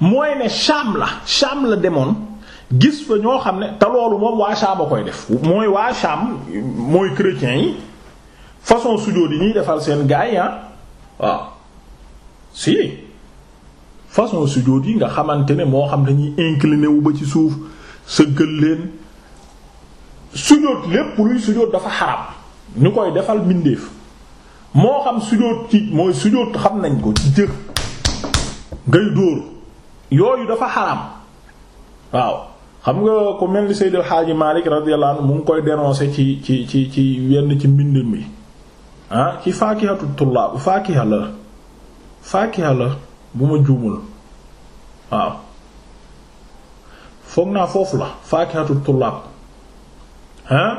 mooy ne Shaam la Shaam la demoon gis fa ñoo xam ne te loolu moom waa Sham a koy def mooy waa Sham mooy chrétiens yi façon sujjóot yi ñuy defal seen gaay yi ah waaw si façon sujjóot yi nga xamante ne moo xam dañuy incliné wu ba ci suuf sëggal leen sujjóot lépp luy sujjóot dafa xaram ñu koy defal mbindeef moo xam sujjóot ci mooy sujjóot xam nañ ko ci jëf ngay dóor yooyu dafa xaram waaw xam nga ku mel ni Seydil Hadji Malick radiyallahu anhu mu koy dénoncer ci ci ci ci wenn ci mbind mi ah ci faakihatu tullaab faakiha la la bu ma juumul waaw foog naa foofu la faakihatu tullaab ah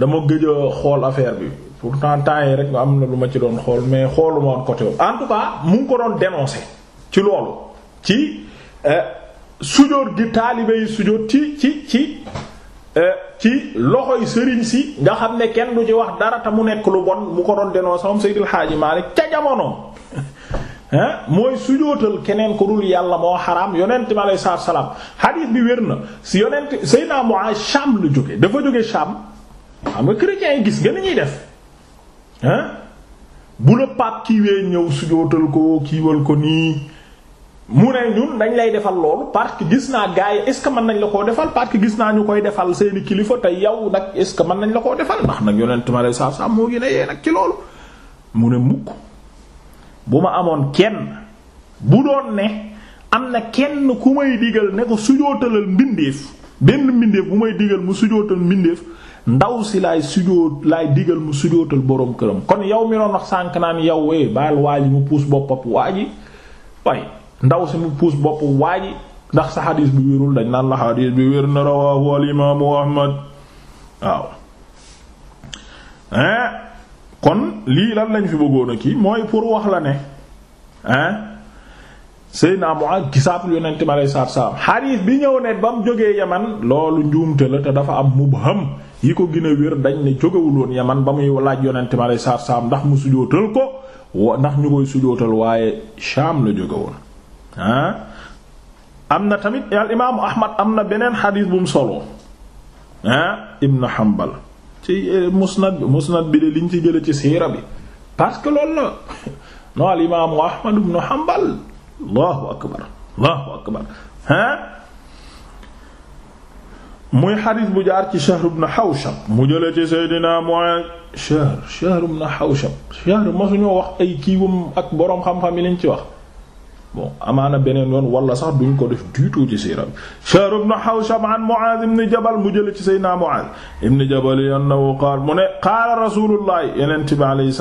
dama gëj xool affaire bi pourtant temps yi rek am na lu ma ci doon xool mais xooluma woon côté en tout cas mu ko doon dénoncer ci loolu ci. Eh, sujóot gi taalibe yi sujóot ci ci ci euh, loxo yi sëriñ si nga xam ne kenn du ci wax dara te mu nekk lu bon mu ko doon denoo sama Seydil Hadji Malick ca jamonoom mooy sujootal keneen ku dul yàlla moo xaram yonent bi aleyhi salaatu salaam hadith bi wér na si yonent Seydina Muaaz Sham la jóge dafa jóge Sham xam nga chrétiens yi gis nga ni ñuy def bu la pape kiiwee ñëw sujootal ko kiiwal ko nii mu ne ñun dañ lay defal loolu parce que gis naa gars yi est-ce que mën nañ la koo defal parce que gis naa ñu koy defal seeni kilifa te yow nag est-ce que mën nañ la koo defal ndax nag yonent ma lay saaf saaf moo gën a yee nag ci loolu mu ne mukk bu ma amoon kenn bu doon ne am na kenn ku may digal ne ko sujootalal mbindeef benn mbindeef bu may digal mu sujootal mbindeef ndaw si laay sujoot laay digal mu sujootal boroom këram kon yow mi doon wax sànk naan yow eh waa ji mu puus boppam waa ji ndaw si mu puus bopp waa ndax sa xadis bi wérul dañ naan la xadis bi wér na rawahu al imaamu ahmad waaw hein kon lii lan lañ fi bëggoon ki mooy pour wax la ne hein Seydina Mu'aaz gisaatul yonent mi alayhi salaatu salaam xadis bi ñëw ne ba mu jógee Yaman loolu njuumte la te dafa am mubham yi ko gën a wér dañ ne jógewul woon Yaman ba muy laaj yonent mi alayhi salaatu salaam ndax mu sujootal ko ndax ñu koy sujootal waaye Shaam la jóge woon ah am na tamit al imaamu ahmad am na beneen xadiis bu mu soloo ah ibn hanbal ci eh, musnad musnad bi de liñ ci jële ci siira bi parce que loolu la no al imaamu ahmad ibn hanbal allahu akbar allahu akbar ah muy xadiis bu jaar ci Shahr ibn Hawshab mu jële ci Seydina Mu'aaz Shahr Shahr ibn Hawshab Shahr ma suñu wax ay kiiwam ak boroom xam-xam yi liñ ci wax bon amaana beneen yoon wala sax ko def du tout ci siira bi Shahr ibn Hawshab an Mu'aaz ibn Jabal mu jële ci Seydina Mu'aaz ibn Jabal annahu qaal rasuulullahi yonent bi alayhi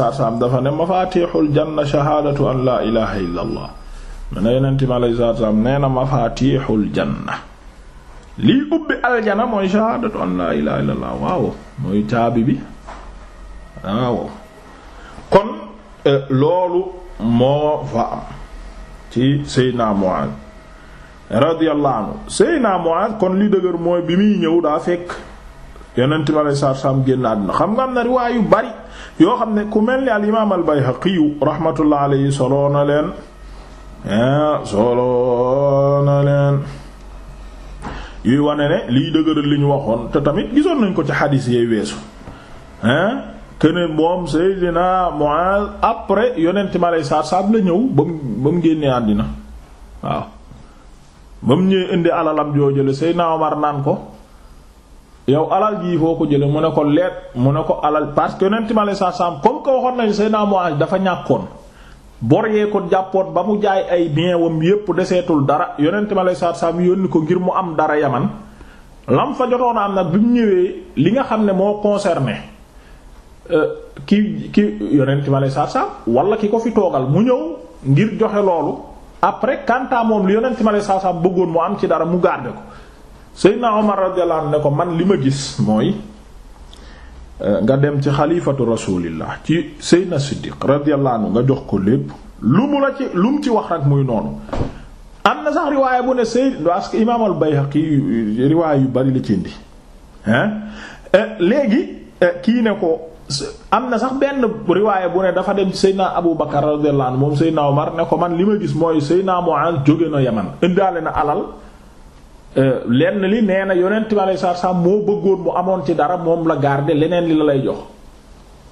mu ne yonent bi alayhi na mafaatihul janna lii ubbi aljana mooy shahaadatu an laa ilaaha illallah waaw bi kon eh, loolu moo fa ci Seydina Muaaz radiyallahu anhu Seydina kon li dëgër mooy bi muy ñëw daa fekk yonent bi alayhi salaatu salaam génn àdduna xam nga am na riwaay yu bari yoo xam ne ku mel ni al imaam al Bayhaqi rahmatullah alayhi soloo leen ah, soloo leen yuy wane ne liy dëgëral li waxoon te tamit gisoon nañ ko ci xadiis yee weesu hein ah. keneen moom Seydina Muaz après yonent mi aleyhi salaatu la ñëw ba mu ba mu génnee àddina waaw indi alalam joo jële Seydina Omar naan ko yow alal jii foo ko jële mu ne ko mu ne ko alal parce que yonent mi aleyhi salaatu salaam comme que waxoon nañu Seydina dafa ñàkkoon bor yee ko jàppoon ba mu jaay ay bien wom yépp deseetul dara yonent mi aleyhi salaatu salaam yónni ko ngir mu am dara yaman lam fa jotoon am nag bi mu ñëwee li nga xam ne moo concerné. Euh, ki ki yonent ma lay saar saam ki ko fi toogal mu ñëw ngir joxe loolu après kantaa moom li yonent ma lay saar saam bëggoon mu am ci dara mu garder ko Seydina Omar radiyallahu anhu ne ko man li ma gis mooy euh, nga dem ci xalifatu rasulillah ci Seydina Siddiq radiyallahu anhu nga jox ko lépp lu mu la ci lu mu ci wax rek muy noonu am na sax riwaaya bu ne Seydina parce que imaam al-Bayhaqi riwaaya yu bari la ci indi hein euh, léegi kii ne ko am na sax benn riwaaya bu ne dafa dem Seydina Abu Bakar radiyallahu anhu moom Seydina Omar ne ko man li ma gis mooy Seydina Mu'az jóge na Yaman indaale na alal euh, lenn li nee na yonent bi aleyhi salaatu salaam moo bëggoon mu amoon ci dara moom la garder leneen li la lay jox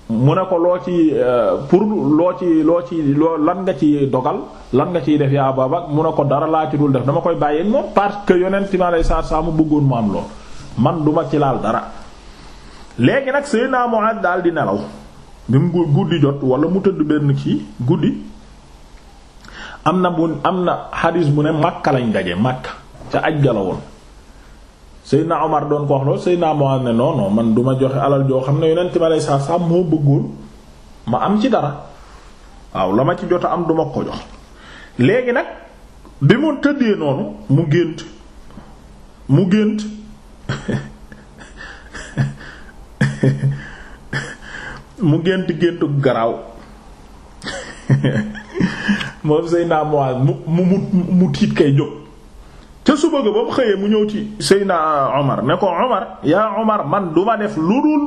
mu ne ko loo ci euh, pour loo ci loo ci loo lan nga ci dogal lan nga ciy def yaa Abu Bakar mu ne ko dara laa ci dul def dama koy bàyyi moom parce que yonent bi aleyhi salaatu salaam mu bëggoon mu am lool man duma ci laal dara léegi nag naa Mu'aaz daal di nelaw bi mu guddi jot wala mu tëdd benn ci guddi am na mu am na xadis bu ne Makka lañ daje Makka ca aj ga la woon Seydina Omar doon ko wax loolu Seydina Mu'aaz ne non man duma joxe alal joo xam ne yonent ma lay saa saa moo bëggoon ma am ci dara waaw la ma ci jot a am duma ma ko jox léegi nag bi mu tëddee noonu mu gént mu gént mu gént géntu garaaw moom Seydina Muaaz mu mu mu tiit kay jóg ca suba ba mu xëyee mu ñëw ci Seydina Omar ne ko Omar yaa Omar man du ma def lu dul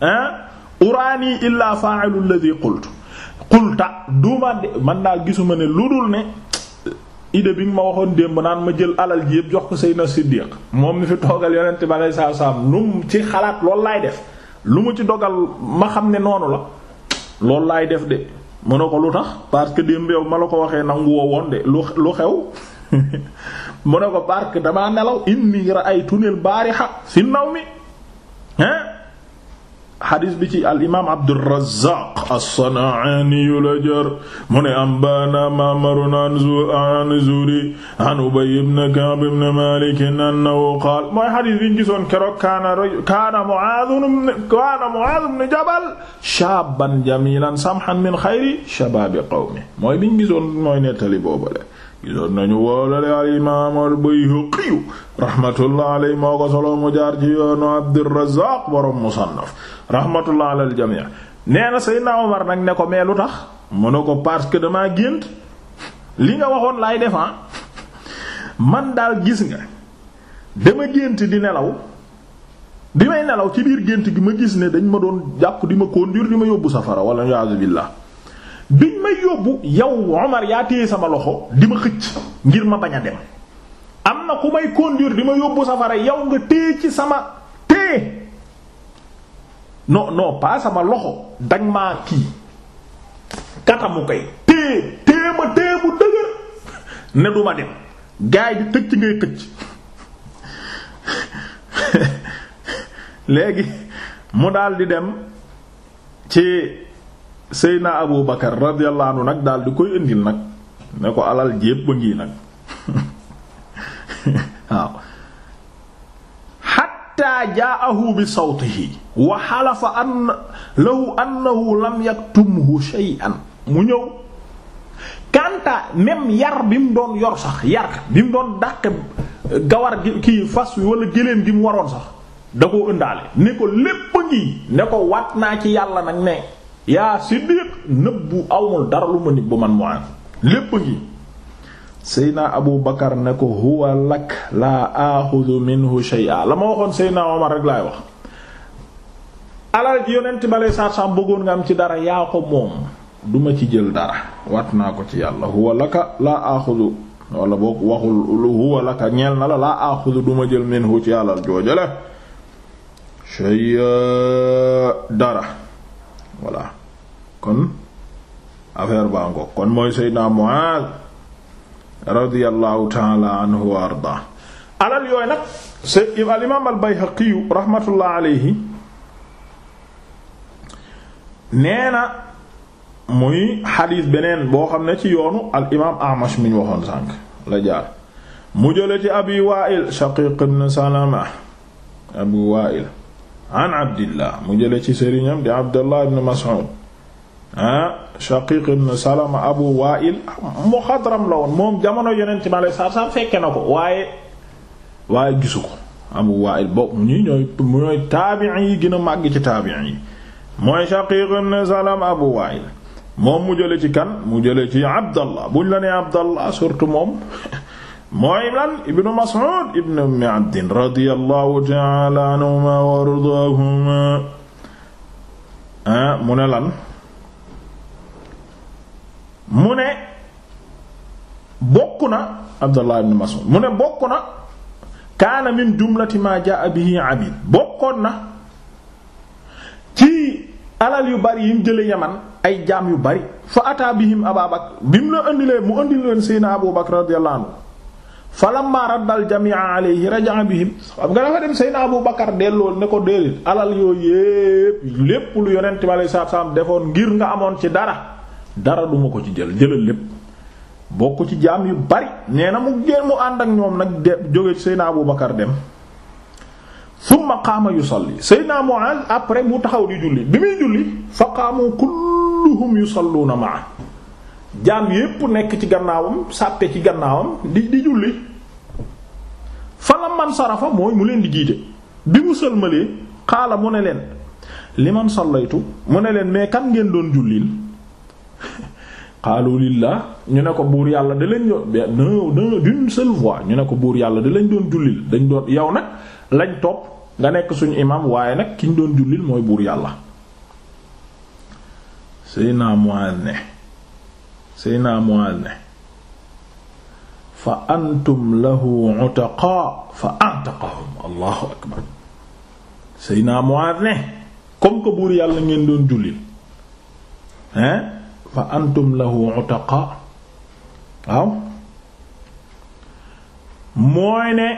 ah uraani illaa fa'ilu alladhi qultu qulta du de man daal gisuma ne lu dul ne idée bi nga ma waxoon démb naan ma jël alal ji yëpp jox ko si Siddiq moom mi fi toogal yonent bi aleyhi salaatu salaam lu ci xalaat lool laay def lu mu ci dogal ma xam ne noonu la loolu laay def de mën ne ko lu tax parce que démb yow ma la ko waxee nangu woo woon de lu lu xew mën na ko parce que damaa nelaw inni ra'aytu al-baariha fi an-nawmi hein xadis bi ci al imaam Abdurrazzaq as-San'aani la jër mu ne ambaana Ma'marun an Zuhri an Ubay ibn Ka'b ibn Maalik annahu qaala mooy xadis bi ñu gisoon keroog kaana kaana Mu'aaz kaana Mu'aaz ibn Jabal shaaban jamiilan samhan min xayri shabaabi qawmihi mooy bi ñu gisoon mooy nettali boobale gisoon nañu woolale al imaam al Bayhaqi rahmatullah moo ko solo mu jaar ci yoonu Abdurrazzaq borom musannaf rahmatullah alal jamii nee na Seydina Omar nag ne ko mais lu tax mu ne ko parce que dama gént li nga waxoon laay def ah. man daal gis nga dama gént di nelaw bi may nelaw ci biir gént gi ma gis ne dañ ma doon jàpp di ma conduire di ma yóbbu safara wala yaazu billah biñ may yóbbu yow Omar yaa téye sama loxo di ma xëcc ngir ma bañ a dem am na ku may conduire di ma yóbbu safara yow nga téye ci sama téye non non pas sama loxo dañ maa kii katamu kay téye téye ma téye bu dëgër ne du ma gaay di tëcc ngay tëcc léegi mu daldi dem ci. Seydina Abu Bakar radiyallahu nag daal di koy indil nag ne ko alal jépp ba ngi nag waaw xatta jaahu bi sawtihi wa xalafa an lahu annahu lam yaktumhu shay'an mu ñëw kanta même yar bi mu doon yor sax yar bi mu doon dàq gawar gi kii fas wi wala géléem gi mu waroon sax da koo ëndaale ne ko lépp a ngi ne ko wat naa ci yàlla nag ne yaa siddiq nëbbu awmul dara lu ma nit bu man Mu'aaz lépp ngi seydna abu bakar ne ko huwa lak laa aaxudu minhu shay'a la ma waxoon seydna omar rek laay wax alal ji yonent ba lay bëggoon nga am ci dara yaa ko moom duma ci jël dara wat naa ko ci yàlla huwa laka laa aaxudu walla boo waxul huwa laka ñeel na la laa aaxudu duma jël minhu ci alal joojale shay'a dara voilà kon affaire baa kon mooy Seydina Muaaz radiyallahu taala anhu wa arda alal yooyu nag c'est al imaam al alayhi nee muy xadiis beneen boo xam ne ci yoonu al imaam Amash waxoon sànq la mu jële ci Abi Waa'il Shaqiq ibn Salama Abu Waa'il an abdillah mu jële ci sëriñam di abdullah ibn mas'ud ah shaqiq ibn salama abu wa'il muxadram la woon moom jamono yonent mi aleyhi salaatu salaam fekke na ko waaye waaye gisu ko abu wa'il boobu ñi ñooy ñooy taabi'i yi gën a màgg ci taabi'i yi mooy shaqiq ibn salama abu wa'il moom mu jële ci kan mu jële ci abdallah buñ la nee abdallah surtout moom mooy lan ibnu Mas'ud ibn Ummi Abd radiyallahu ta'ala anhuma wa ardaahuma ah, mu ne lan mu ne bokk na Abdullah ibn Mas'ud mu ne bokk na kaana min jumlati ma jaa bihi abid bokkoon na ci alal yu bari yi mu jële yaman ay jaam yu bari fa ataa bihim Abaa Bakr bi mu la indilee mu indi leen Seydina Abu Bakr radiyallahu anhu falamma raddal jamia alayhi raja'a bihim xam nga dafa dem Seydina Abu delloo ne ko déedéet alal yooyu yépp lépp lu yonent bi alayhi salaatu defoon ngir nga amoon ci dara dara duma ko ci jël jëlal lépp ko ci jaam yu bari nee na mu génn mu ànd ak ñoom nag de jóge Seydina Abu Bakar dem summa qaama yusalli Seydina Muaz après mu taxaw di julli bi muy julli fa qaamu kulluhum yusalluuna ma'a jaam yépp nekk ci gannaawam sàppe ci gannaawam di di julli falam man sarafa mooy mu leen di jiite bi mu sëlmalee xaala mu ne leen li man sallaytu mu ne leen mais kan ngeen doon jullil xaalu la ñu ne ko buur yàlla da lañ doon d'une ñu ne ko buur yàlla da lañ doon jullil dañ doon yow nag lañ topp nga nekk suñu imam waaye nag ki ñu doon jullil mooy buur yàlla sëy naa moise ne Seydina Muaaz ne fa antum lahu utaqaa fa antaqahum allahu akbar Seydina Muaaz ne comme que buur yàlla ngeen doon jullil hein fa antum lahu utaqaa waaw mooy ne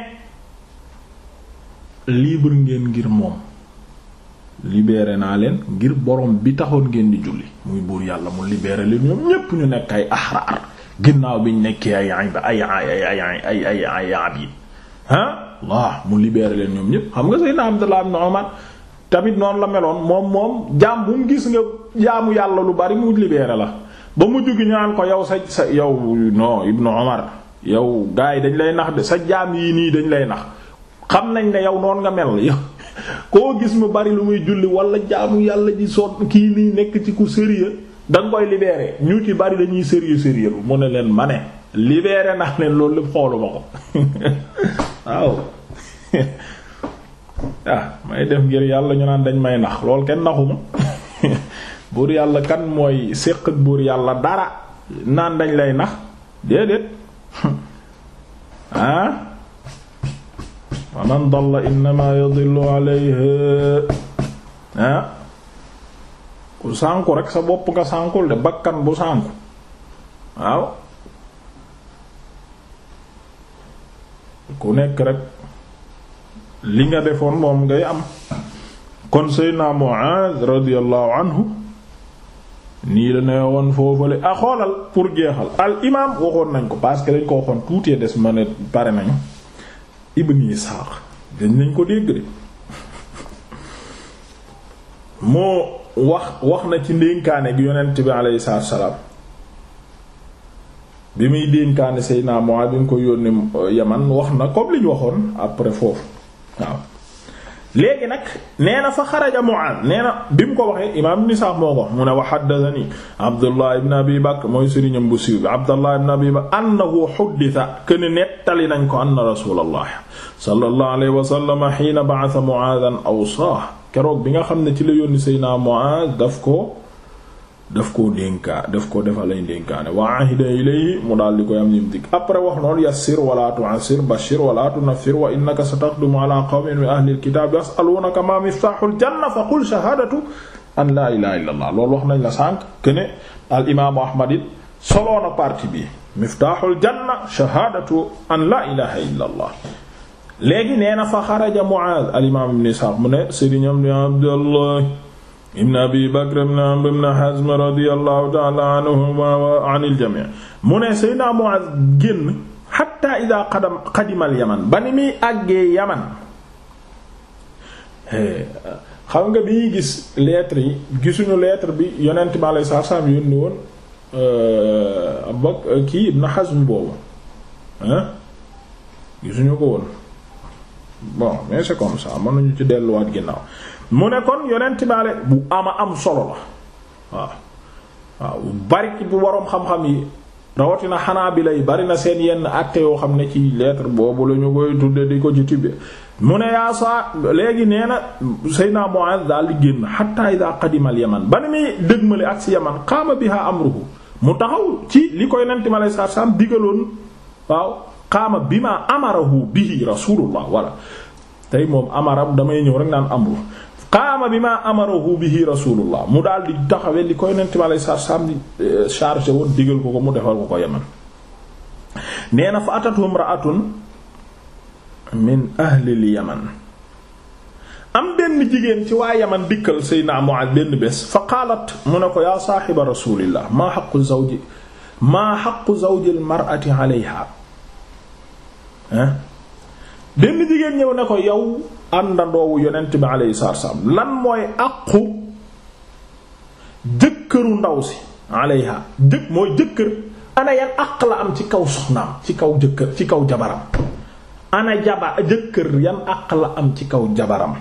libre ngeen ngir moom libéré naa leen ngir borom bi taxoon ngeen di julli muy buur yàlla mu libéré leen ñoom ñépp ñu nekk ay ahraar ginnaaw biñ nekkee ay ay ay ay ay ay ay abid ah Allah mu libéré leen ñoom ñépp xam nga Seydina Abdullah ibn Umar tamit noonu la meloon moom moom jaam bu mu gis nga jaamu yàlla lu bari mu libéré la ba mu jugi ñaan ko yow sa sa yow non Ibn Umar yow gars yi dañ lay nax de sa jaam yii nii dañ lay nax xam nañ ne yow noonu nga mel yow koo gis mu bari lu muy julli wala jaamu yàlla ji soo kii nii nekk ci ku sérieux danga koy libéré ñu ci bari dañuy sérieux sérieux mu ne leen ma ne libéré naa leen loolu lépp xooluma ko waaw ah may def ngir yàlla ñu naan dañ may nax lool kenn naxuma buur yàlla kan mooy séq buur yàlla dara naan dañ lay nax déedéet ah wa man dalla innama yadillu alayha ah ku sànku rek sa bopp nga sànkul de bakkan bu sànku waaw ku nekk rek li nga defoon moom ngay am kon Seydina Muaaz radiyallahu anhu nii la ne woon foofale a ah, xoolal pour jeexal al imaam waxoon nañ ko parce que dañ ko waxoon tuutee des ma ne pare nañu ibn Isxaaq dañ nañ ko dégg de moo wax wax na ci ndénkaane gi yonent bi alayhi salaatu salaam bi muy dénkaane Seydina Muaad bi nga ko yónnee Yaman wax na comme li ñu waxoon après foofu waaw léegi nag nee na fa xaraja Mu'aaz nee na bi mu ko waxee imaam ibn Sa'd moo ko mu ne wa haddathani Abdullah ibn Abi Bakr mooy sëriñam bu siiw bi Abdullah ibn Abi Bakr annahu hudditha ken nettali nañ ko anna Rasulullah sallallahu alayhi wa sallam hiina ba'atha Mu'aazan awsaahu keroog bi nga xam ne ci la yónni Seydina Mu'aaz daf ko def koo dénkaa daf ko defa ay dénkaane wa ahida ilayhi mu daal di koy am dikk après wax noonu yassir wala tu'assir bashir wala tunaffir wa innaka sataqdimu ala qawmin min ahli alkitab yas'alunaka ma miftahul janna fa qul shahadatu an la sànq que ne al imaamu ahmad it soloo na partie bi miftahul janna shahadatu an la ilaha illa allah léegi fa xaraja mu'adh al imam ibn sa'd mu ne sëriñam abdullah ibn abi bakr ibn amr ibn hazm radiyallahu ta'ala anhuma wa anil jami' mu ne seydna muaz génn hatta ida qadam qadimal yaman ba ni muy àggee yaman eh, xam nga bi ñuy gis lettre yi gisuñu lettre bi yonent bi alei satu salaam yónni woon eh, bokk kii ibn hazm boobu ah gisuñu ko woon bon mais c'est comme ça mën nañu ci delluwaat ginnaaw mu ne kon yonent bu ama am solo la waaw waaw bari ci bu waroom xam-xam yi rawatina xanaa bi lay bari na seen yenn acte yoo xam ne ci lettre boobu la ñu koy tudde di ko ci tibbe mu ne yaa saa léegi nee na Seydina Muaz daal li génn hatta ida qadimal yaman ba ni muy dëgmale ak si yaman qaama biha amruhu mu taxaw ci li koy nanti ma lay saa saam digaloon waaw qaama bima amarahu bihi rasulullah wala tey moom amara damay ñëw rek naan amru qaama bi ma amarahu bihi rasulullah mu daal di taxawee li koy nent ma lay sar sam woon digal ko ko mu defal ko ko yaman nee fa atatuhum ra'atun min ahlil yaman am benn jigéen ci waa yaman dikkal Seydina Mu'aaz benn bés fa qaalat mu ne ko yaa saaxiba rasulillah maa xaqu zawji maa xaqu zawjil mar'ati alayha benn jigéen ñëw ne ko yow àndandoowu yonent bi alayhi salaam lan mooy àqu jëkkëru ndaw si alayha jëkk mooy jëkkër ana yan àq la am ci kaw soxnaam ci kaw jëkkër ci kaw jabaram ana jaba jëkkër yan àq la am ci kaw jabaram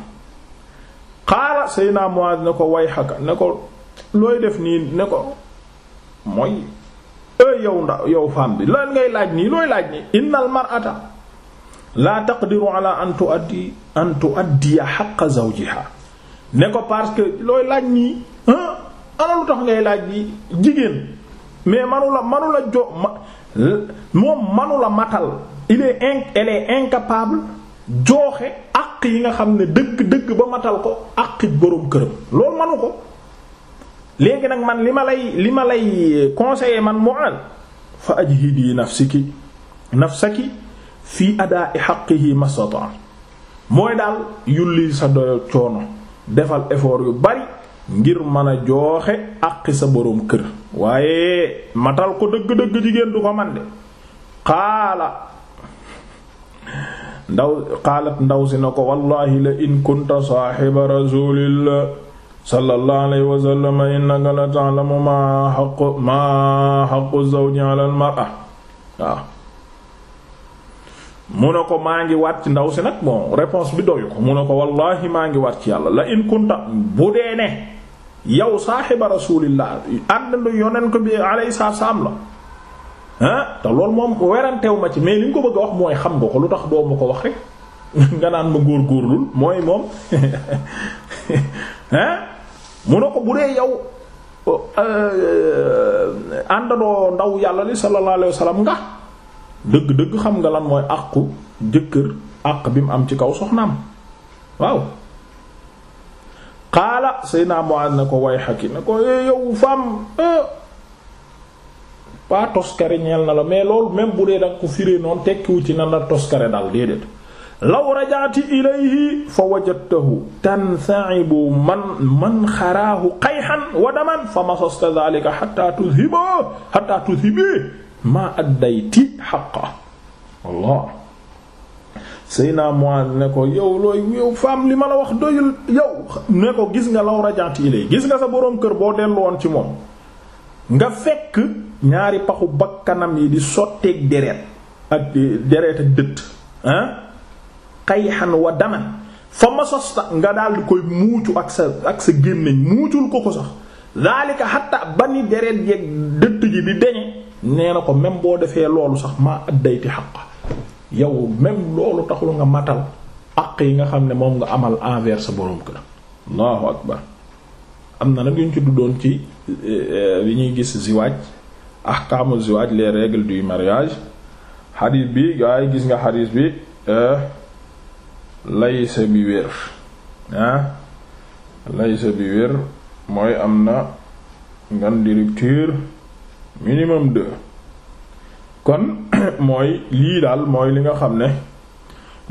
xaala Seydina Muaaz ne ko way xaka ne ko looy def nii ne ko mooy e yow ndaw yow femme bi lan ngay laaj nii looy laaj nii innal mar'ata laa taqdiru ala an antu an tuaddiya xaqa zawjiha ne ko parce que looy laaj nii ana lu tax ngay laaj bi jigéen mais manula la manu la jo moom manu matal il est in elle jooxe àq yi nga xam ne dëgg-dëgg ba matal ko àqi boroom këram loolu manu ko léegi nag man li ma lay li ma lay conseiller man Mu'al fa ajhidi nafsiki nafsaki fii adaa'i haqqihi masata mooy daal yulli sa doyo coono defal effort yu bari ngir mën a jooxe àqi sa boroom kër waaye matal ko dëgg-dëgg jigéen du ko man de ndaw xaalat ndaw si na ko wallahi la in kunta saaxiba rasulillah sallallahu alayhi wa sallam innaka la ta'lamu ma haqqu ma haqqu zawji ala al mar'a waaw mu ne ko maa ngi waat ci ndaw si nag moom réponse bi doyu ko mu ne ko wallahi maa ngi waat ci yàlla la in kunta bu dee ne yow saaxiba rasulillah ànd yoneen ko bi alayhi salaam la ah te loolu moom weranteew ma ci mais li nga ko bëgg a wax mooy xam nga ko lu tax doo ma ko wax rek nga naan ma góorgóorlul mooy moom ah mu ne ko bu dee yow euh, euh, àndandoo ndaw yàlla li sallallahu alayhi wasallam nga dëgg-dëgg xam nga lan mooy àqu jëkkër àq bi mu am ci kaw soxnaam waaw xaala Seydina Mu'adh na ko way xaki na ko eh, yow femme eh. pas toskare ñeel na la mais loolu même bu dee danga ko firee noonu tekkiwu ci nan la toskare daal déedéet law rajaati ilayhi fa wajadtahu tansa'ibu man man xaraahu qayhan wa daman fa masasta dhalika hatta tuzhiba hatta tuzhibi maa a xaqa Allah Seyna Muaz ne ko yow looy yow faam li ma la wax doyul yow ne ko gis nga law rajanti ilay gis nga sa boroom kër boo dellu woon ci moom nga fekk ñaari paxu bakkanam yi di sotteeg deret ak deret ak dëtt ah xayxan wa daman fa ma sosta nga dal di koy muucu ak sa ak sa gémmiñ muucul ko ko sax daalika xatta ba ni deret yeeg dëtt ji di deñe nee na ko même boo defee loolu sax maa addayti xaq yow même loolu taxul nga matal aq yi nga xam ne moom nga amal envers sa borom kër allahu akbar am na nag yu ñu ci duddoon ci li euh, ñuy gis ziwaaj ahkaamu ziwaaj le règles du mariage xadiis bi gaa gis nga xadiis bi euh, lay bi wér lay ah, laysa bi wér mooy am na ngan di rupture minimum deux kon mooy lii daal mooy li nga xam ne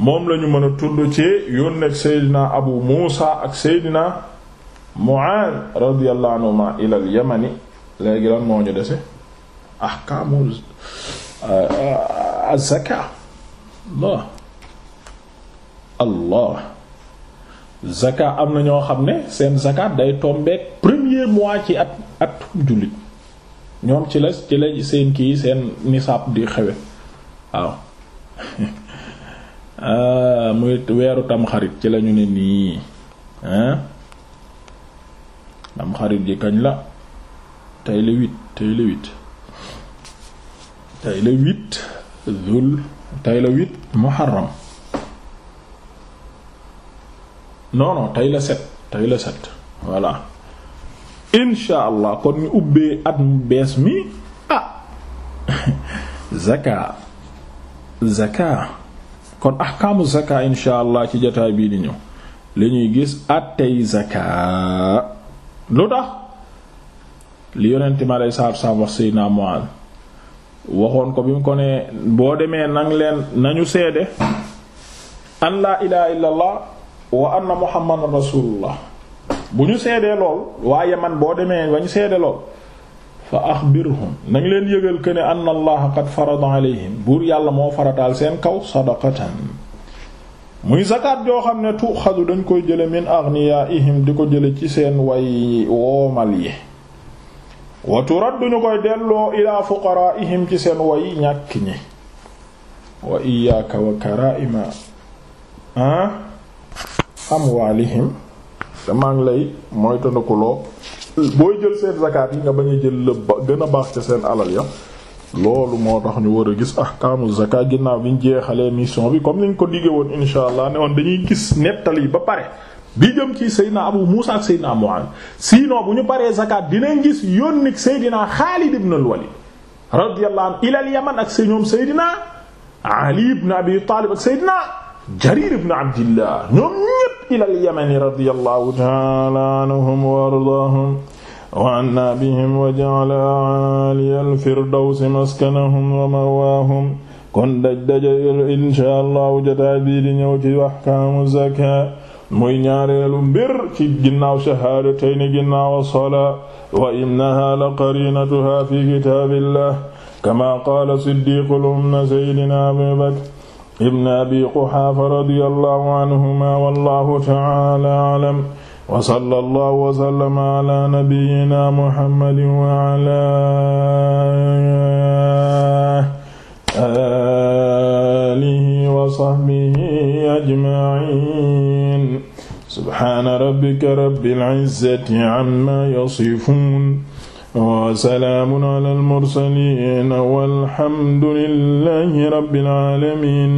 moom lañu mën a tudd ci yónneeg seydina abu muusa ak seydina muaaz radiyallahu anhuma ilal yamani léegi lan moo ñu dese ahkaamul euh, zaka allah allah am na ñoo xam ne seen zakat day tombeek premier mois ci at atum jullit ñoom ci la ci la seen kii seen nisaab di xewe waaw ah, muy weeru tamxarit ci lañu ne nii hein tamxarit ji kañ la tey le huit tey le huit tey le huit zul tey le huit muharram noonu non tey la sept tey la sept voilà insha allah kon ñu ubbee at mu bees mi ah zaka zaka kon ahkaamu zaka insha allah ci jotaay bii di ñëw la ñuy gis attey zaka lu tax li yonente mi aleyi salatu salaam wax sayyidina waxoon ko bi mu ko ne boo demee nang leen nañu seede an laa ilaha illa allah wa anna muhammadan rasulullah bu ñu seedee lool waaye man boo demee ba ñu lool fa axbirhum nañ leen yëgal que ne anna allaha qad farada buur yàlla moo farataal seen kaw sadaqatan muy zakat joo xam ne tuxadu dañ koy jële min aghniyaihim di ko jële ci seen way woomal yi wa turaddu ñu koy delloo ila fuqaraihim ci seen way ñàkk ñi wa iyyaka wa karaima ah, amwalihim te maa ngi lay mooy tëndakuloo booy jël seen zakat yi nga bañ a jël la gën a baax ca seen alal ya loolu moo tax ñu war a gis ahkaamu zakat ginnaaw bi ñu jeexalee mission bi comme ni ñu ko diggee woon insha allah ne woon dañuy gis nettali ba pare bi jëm ci Seydina Abu Muusa ak Seydina Muaaz sinon bu ñu paree zakat dinañ gis yónnik Seydina Xaalid ibn al-Walid radiyallahu anhu ilal yaman ak ñoom Seydina Ali ibn Abi Taalib ak Seydina jarir ibn abdillah ñoom ñépp ilal yamani radiyallahu ta'ala anhum wa ardaahum wa anna bihim wa ja'ala aliyal firdawsi maskanahum wa ma'waahum kon daj daja inshaa allahu jotaay bii di ñëw ci ahkaamu zakaa muy ñaareelu mbir ci ginnaaw shahaadatayni ginnaaw as-salaa wa innahaa la qariinatuhaa fi kitaabillah kamaa qaala siddiiqul umma sayyidinaa abuu bakr ibn abi quxaafa radiyallahu anhuma wallahu ta'ala a'lam wa sallallahu wa sallama ala nabiyyina muhammadin wa ala alihi wa sahbihi ajma'in subhana rabbika rabbil izzati amma yasifun wa salaamun ala al-mursaliin walhamdu lillaahi rabbil aalamiin